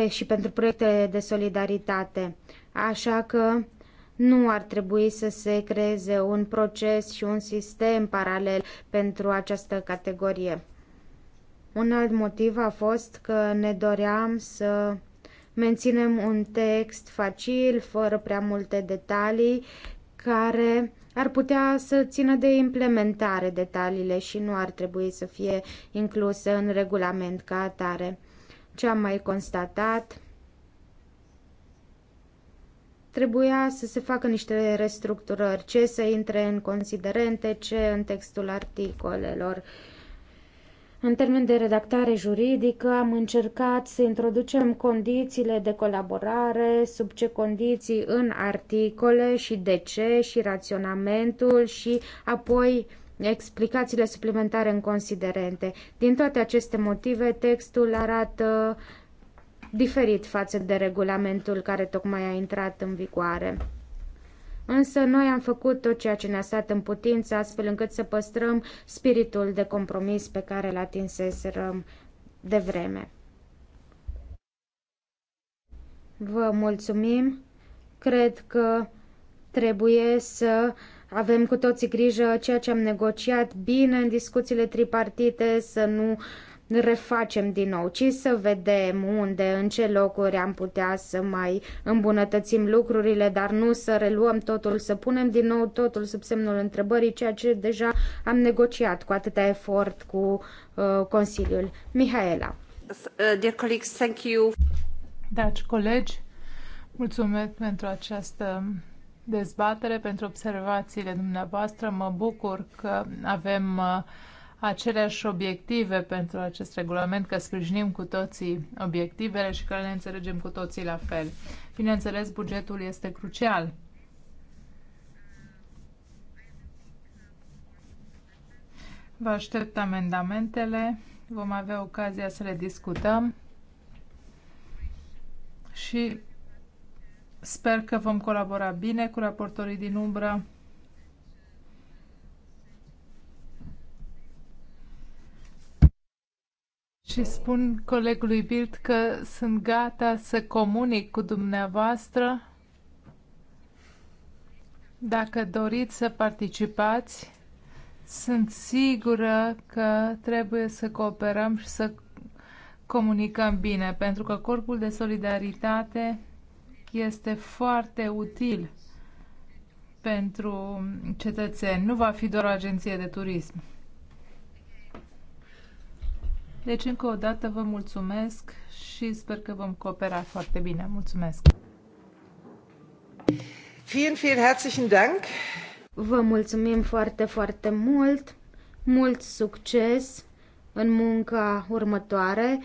și pentru proiecte de solidaritate. Așa că nu ar trebui să se creeze un proces și un sistem paralel pentru această categorie un alt motiv a fost că ne doream să menținem un text facil, fără prea multe detalii, care ar putea să țină de implementare detaliile și nu ar trebui să fie incluse în regulament ca atare. Ce am mai constatat? Trebuia să se facă niște restructurări, ce să intre în considerente, ce în textul articolelor în termen de redactare juridică, am încercat să introducem condițiile de colaborare, sub ce condiții în articole și de ce și raționamentul și apoi explicațiile suplimentare în considerente. Din toate aceste motive, textul arată diferit față de regulamentul care tocmai a intrat în vigoare. Însă noi am făcut tot ceea ce ne-a stat în putință, astfel încât să păstrăm spiritul de compromis pe care l atinseserăm de vreme. Vă mulțumim. Cred că trebuie să avem cu toții grijă ceea ce am negociat bine în discuțiile tripartite, să nu uh, refacem din nou, ci să vedem unde, în ce locuri am putea să mai îmbunătățim lucrurile, dar nu să reluăm totul, să punem din nou totul sub semnul întrebării, ceea ce deja am negociat cu atâta efort cu uh, Consiliul. Mihaela. Uh, dear colleagues, thank you. Dragi colegi, mulțumesc pentru această dezbatere, pentru observațiile dumneavoastră. Mă bucur că avem uh, aceleași obiective pentru acest regulament, că sprijinim cu toții obiectivele și că le înțelegem cu toții la fel. Bineînțeles, bugetul este crucial. Vă aștept amendamentele, vom avea ocazia să le discutăm și sper că vom colabora bine cu raportorii din umbră și spun colegului Bild că sunt gata să comunic cu dumneavoastră dacă doriți să participați. Sunt sigură că trebuie să cooperăm și să comunicăm bine, pentru că corpul de solidaritate este foarte util pentru cetățeni. Nu va fi doar o agenție de turism. Deci, încă o dată, vă mulțumesc și sper că vom coopera foarte bine. Mulțumesc! Vielen, vielen herzlichen Dank! Vă mulțumim foarte, foarte mult! Mult succes în munca următoare!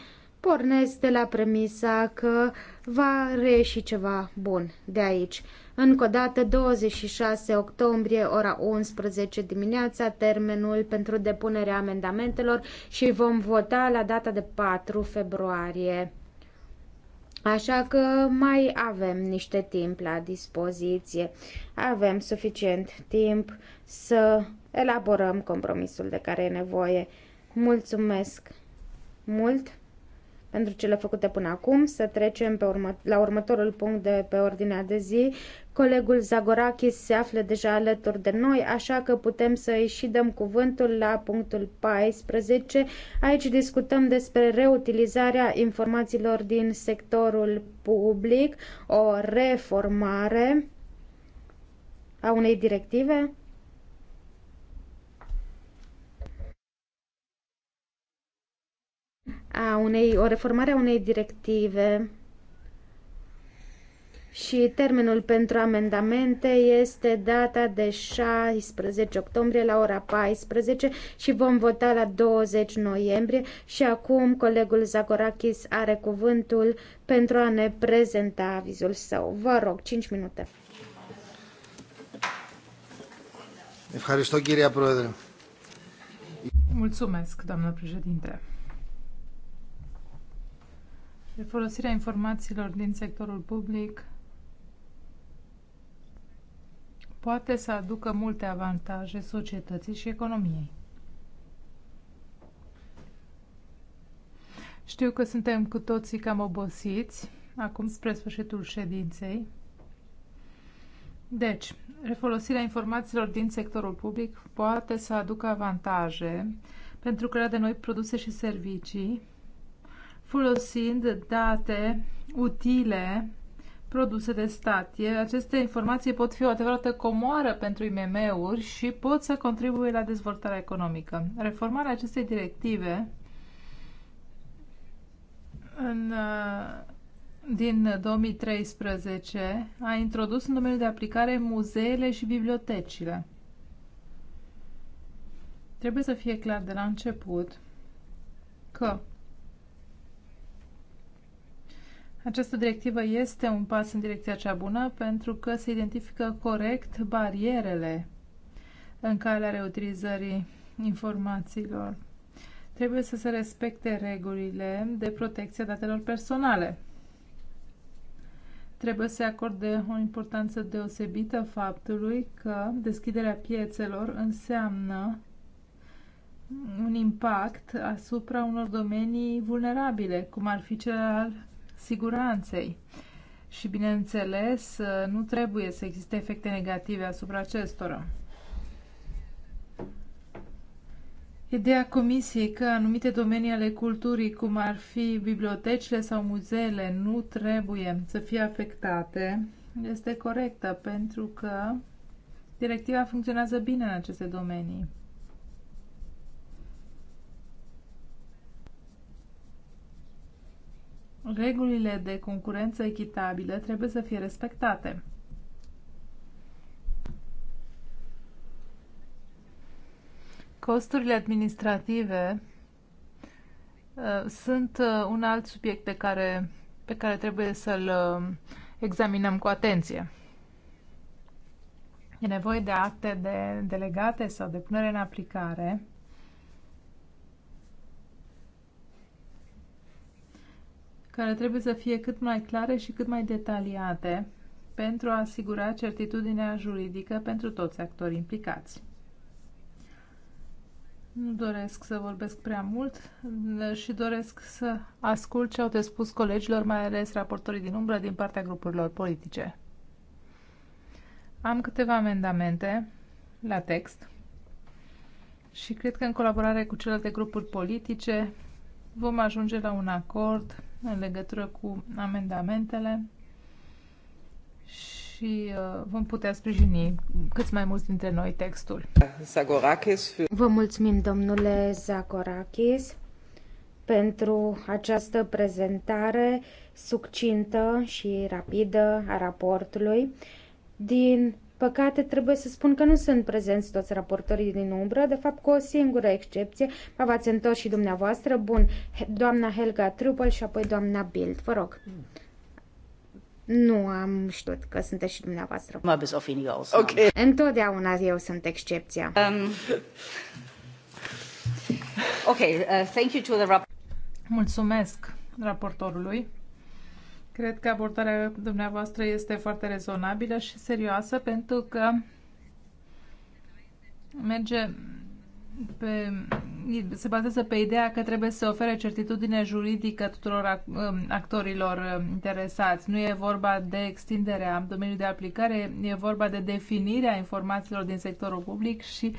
pornesc de la premisa că va reși ceva bun de aici. Încă o dată, 26 octombrie, ora 11 dimineața, termenul pentru depunerea amendamentelor și vom vota la data de 4 februarie. Așa că mai avem niște timp la dispoziție. Avem suficient timp să elaborăm compromisul de care e nevoie. Mulțumesc mult! pentru cele făcute până acum. Să trecem pe urmă, la următorul punct de pe ordinea de zi. Colegul Zagorakis se află deja alături de noi, așa că putem să îi și dăm cuvântul la punctul 14. Aici discutăm despre reutilizarea informațiilor din sectorul public, o reformare a unei directive a unei, o reformare a unei directive și termenul pentru amendamente este data de 16 octombrie la ora 14 și vom vota la 20 noiembrie și acum colegul Zagorakis are cuvântul pentru a ne prezenta avizul său. Vă rog, 5 minute. Mulțumesc, doamnă președinte folosirea informațiilor din sectorul public poate să aducă multe avantaje societății și economiei. Știu că suntem cu toții cam obosiți, acum spre sfârșitul ședinței. Deci, refolosirea informațiilor din sectorul public poate să aducă avantaje pentru crearea de noi produse și servicii, folosind date utile produse de stat. Aceste informații pot fi o adevărată comoară pentru IMM-uri și pot să contribuie la dezvoltarea economică. Reformarea acestei directive în, uh, din 2013 a introdus în domeniul de aplicare muzeele și bibliotecile. Trebuie să fie clar de la început că Această directivă este un pas în direcția cea bună pentru că se identifică corect barierele în calea reutilizării informațiilor. Trebuie să se respecte regulile de protecție a datelor personale. Trebuie să acorde o importanță deosebită faptului că deschiderea piețelor înseamnă un impact asupra unor domenii vulnerabile, cum ar fi cel al siguranței. Și, bineînțeles, nu trebuie să existe efecte negative asupra acestora. Ideea Comisiei că anumite domenii ale culturii, cum ar fi bibliotecile sau muzeele, nu trebuie să fie afectate, este corectă pentru că directiva funcționează bine în aceste domenii. regulile de concurență echitabilă trebuie să fie respectate. Costurile administrative uh, sunt uh, un alt subiect pe care, pe care trebuie să-l uh, examinăm cu atenție. E nevoie de acte de delegate sau de punere în aplicare care trebuie să fie cât mai clare și cât mai detaliate pentru a asigura certitudinea juridică pentru toți actorii implicați. Nu doresc să vorbesc prea mult și doresc să ascult ce au de spus colegilor, mai ales raportorii din umbră din partea grupurilor politice. Am câteva amendamente la text și cred că în colaborare cu celelalte grupuri politice vom ajunge la un acord în legătură cu amendamentele și uh, vom putea sprijini cât mai mulți dintre noi textul. Vă mulțumim, domnule Zagorakis, pentru această prezentare succintă și rapidă a raportului. Din păcate, trebuie să spun că nu sunt prezenți toți raportorii din umbră, de fapt cu o singură excepție, mă v-ați întors și dumneavoastră, bun, doamna Helga Trupel și apoi doamna Bild, vă rog. Nu am știut că sunteți și dumneavoastră. Mă bis of weniger o Okay. Întotdeauna eu sunt excepția. Um... Ok, uh, thank you to the rap- Mulțumesc raportorului. Cred că abordarea dumneavoastră este foarte rezonabilă și serioasă pentru că merge pe, se bazează pe ideea că trebuie să ofere certitudine juridică tuturor um, actorilor um, interesați. Nu e vorba de extinderea domeniului de aplicare, e vorba de definirea informațiilor din sectorul public și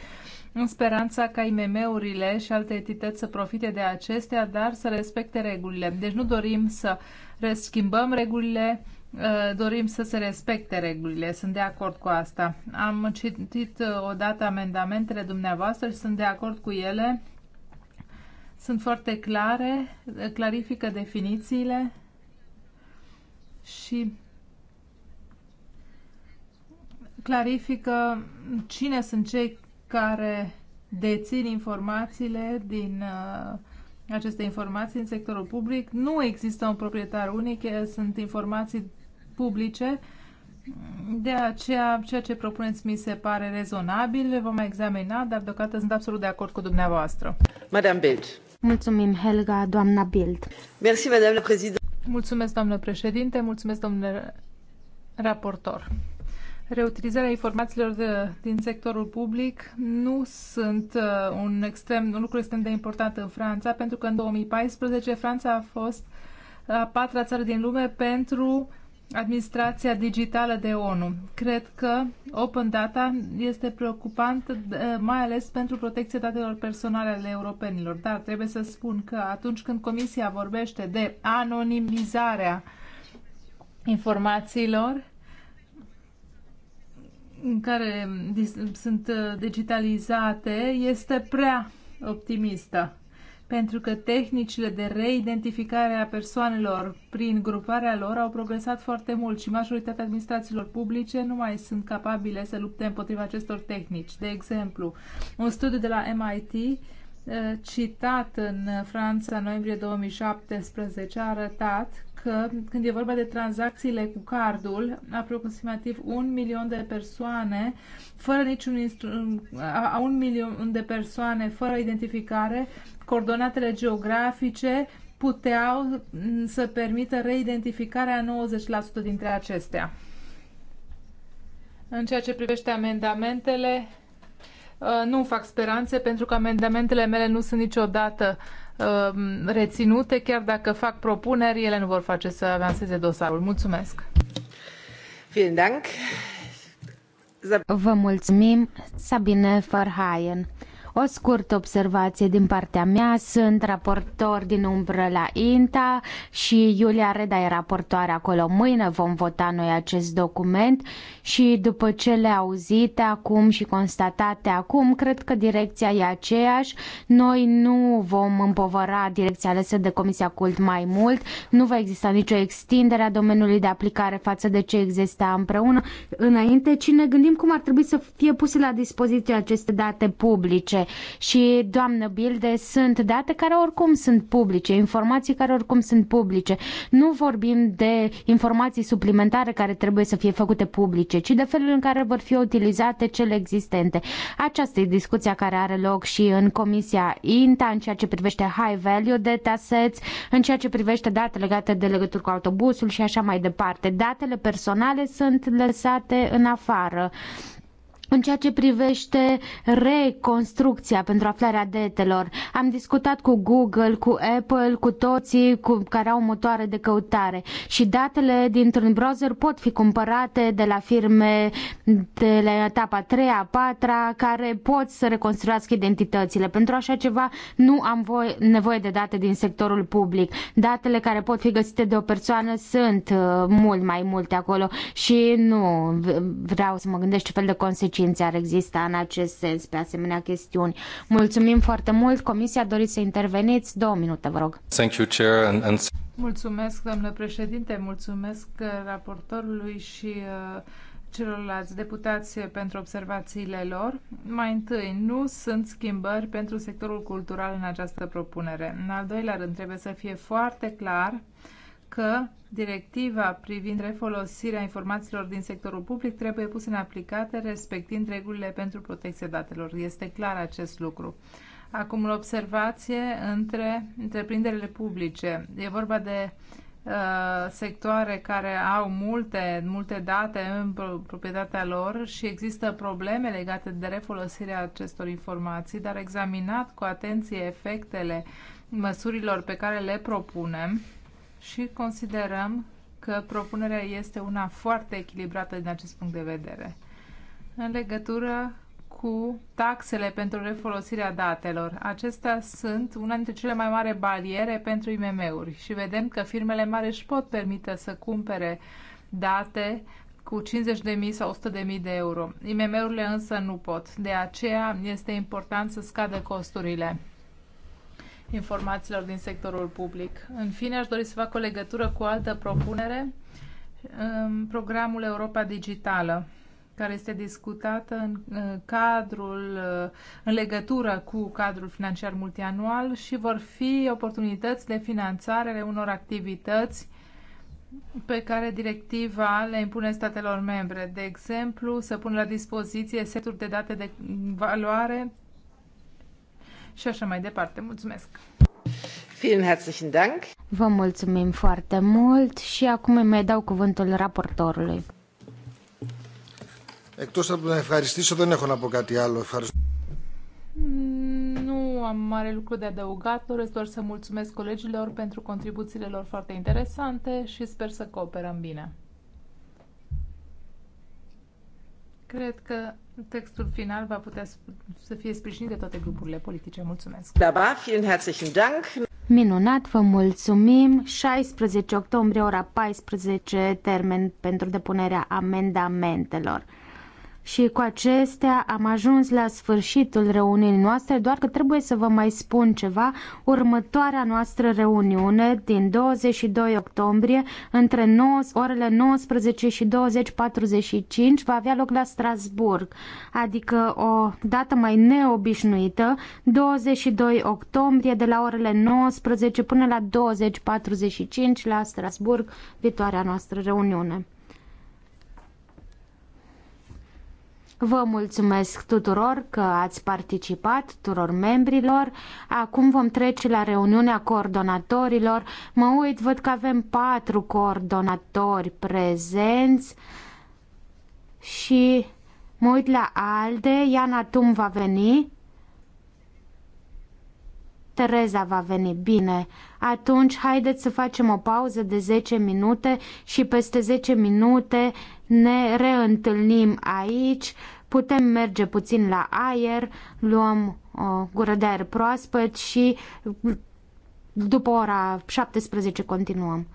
în speranța ca IMM-urile și alte entități să profite de acestea, dar să respecte regulile. Deci nu dorim să uh, schimbăm regulile, uh, dorim să se respecte regulile. Sunt de acord cu asta. Am citit uh, odată amendamentele dumneavoastră și sunt de acord cu ele. Sunt foarte clare, uh, clarifică definițiile și clarifică cine sunt cei care dețin informațiile din uh, aceste informații în sectorul public. Nu există un proprietar unic, sunt informații publice. De aceea, ceea ce propuneți mi se pare rezonabil, le vom examina, dar deocamdată sunt absolut de acord cu dumneavoastră. Madame Bild. Mulțumim, Helga, doamna Bild. Merci, Madame la Mulțumesc, doamnă președinte, mulțumesc, domnule raportor reutilizarea informațiilor de, din sectorul public nu sunt uh, un, extrem, un lucru extrem de important în Franța, pentru că în 2014 Franța a fost uh, a patra țară din lume pentru administrația digitală de ONU. Cred că Open Data este preocupant, uh, mai ales pentru protecția datelor personale ale europenilor. Dar trebuie să spun că atunci când Comisia vorbește de anonimizarea informațiilor, în care sunt uh, digitalizate este prea optimistă pentru că tehnicile de reidentificare a persoanelor prin gruparea lor au progresat foarte mult și majoritatea administrațiilor publice nu mai sunt capabile să lupte împotriva acestor tehnici. De exemplu, un studiu de la MIT citat în Franța în noiembrie 2017 a arătat că când e vorba de tranzacțiile cu cardul, aproximativ un milion de persoane fără niciun instru- a un milion de persoane fără identificare, coordonatele geografice puteau să permită reidentificarea 90% dintre acestea. În ceea ce privește amendamentele, Uh, nu fac speranțe pentru că amendamentele mele nu sunt niciodată um, reținute, chiar dacă fac propuneri, ele nu vor face să avanseze dosarul. Mulțumesc! Vă mulțumim, Sabine Farhaien. O scurtă observație din partea mea. Sunt raportor din umbră la INTA și Iulia Reda e raportoare acolo. Mâine vom vota noi acest document și după cele auzite acum și constatate acum, cred că direcția e aceeași. Noi nu vom împovăra direcția alesă de Comisia Cult mai mult. Nu va exista nicio extindere a domeniului de aplicare față de ce exista împreună înainte, ci ne gândim cum ar trebui să fie puse la dispoziție aceste date publice și, doamnă Bilde, sunt date care oricum sunt publice, informații care oricum sunt publice. Nu vorbim de informații suplimentare care trebuie să fie făcute publice, ci de felul în care vor fi utilizate cele existente. Aceasta e discuția care are loc și în Comisia INTA în ceea ce privește high value data sets, în ceea ce privește date legate de legături cu autobusul și așa mai departe. Datele personale sunt lăsate în afară. Uh, în ceea ce privește reconstrucția pentru aflarea datelor, am discutat cu Google, cu Apple, cu toții cu care au motoare de căutare și datele dintr-un browser pot fi cumpărate de la firme de la etapa 3, a 4, care pot să reconstruiască identitățile. Pentru așa ceva nu am voie, nevoie de date din sectorul public. Datele care pot fi găsite de o persoană sunt uh, mult mai multe acolo și nu vreau să mă gândesc ce fel de consecințe consecințe ar exista în acest sens pe asemenea chestiuni. Mulțumim foarte mult. Comisia, doriți să interveniți? Două minute, vă rog. Thank you, Chair, and, and... Mulțumesc, domnule președinte, mulțumesc uh, raportorului și uh, celorlalți deputați pentru observațiile lor. Mai întâi, nu sunt schimbări pentru sectorul cultural în această propunere. În al doilea rând, trebuie să fie foarte clar uh, că directiva privind refolosirea informațiilor din sectorul public trebuie pusă în aplicare respectind regulile pentru protecția datelor. Este clar acest lucru. Acum, o observație între întreprinderile publice. E vorba de uh, sectoare care au multe, multe date în proprietatea lor și există probleme legate de refolosirea acestor informații, dar examinat cu atenție efectele măsurilor pe care le propunem, și considerăm că propunerea este una foarte echilibrată din acest punct de vedere. În legătură cu taxele pentru refolosirea datelor. Acestea sunt una dintre cele mai mari bariere pentru IMM-uri și vedem că firmele mari își pot permite să cumpere date cu 50.000 sau 100.000 de euro. IMM-urile însă nu pot. De aceea este important să scadă costurile informațiilor din sectorul public. În fine, aș dori să fac o legătură cu o altă propunere, um, programul Europa Digitală care este discutată în uh, cadrul, uh, în legătură cu cadrul financiar multianual și vor fi oportunități de finanțare ale unor activități pe care directiva le impune statelor membre. De exemplu, să pun la dispoziție seturi de date de valoare și așa mai departe. Mulțumesc! Vă mulțumim foarte mult și acum îmi mai dau cuvântul raportorului. Εκτός από να ευχαριστήσω δεν έχω να πω κάτι άλλο. Ευχαριστώ. Nu am mare lucru de adăugat, doresc doar să mulțumesc colegilor pentru contribuțiile lor foarte interesante și sper să cooperăm bine. Cred că Textul final va putea să fie sprijinit de toate grupurile politice. Mulțumesc! Da, Minunat, vă mulțumim! 16 octombrie, ora 14, termen pentru depunerea amendamentelor. Și cu acestea am ajuns la sfârșitul reuniunii noastre, doar că trebuie să vă mai spun ceva. Următoarea noastră reuniune din 22 octombrie, între 9, orele 19 și 20.45, va avea loc la Strasburg, adică o dată mai neobișnuită, 22 octombrie de la orele 19 până la 20.45 la Strasburg, viitoarea noastră reuniune. Vă mulțumesc tuturor că ați participat, tuturor membrilor. Acum vom trece la reuniunea coordonatorilor. Mă uit, văd că avem patru coordonatori prezenți și mă uit la Alde, Iana Tum va veni. Tereza va veni bine. Atunci, haideți să facem o pauză de 10 minute și peste 10 minute ne reîntâlnim aici putem merge puțin la aer, luăm o uh, gură de aer proaspăt și mm, după ora 17 continuăm.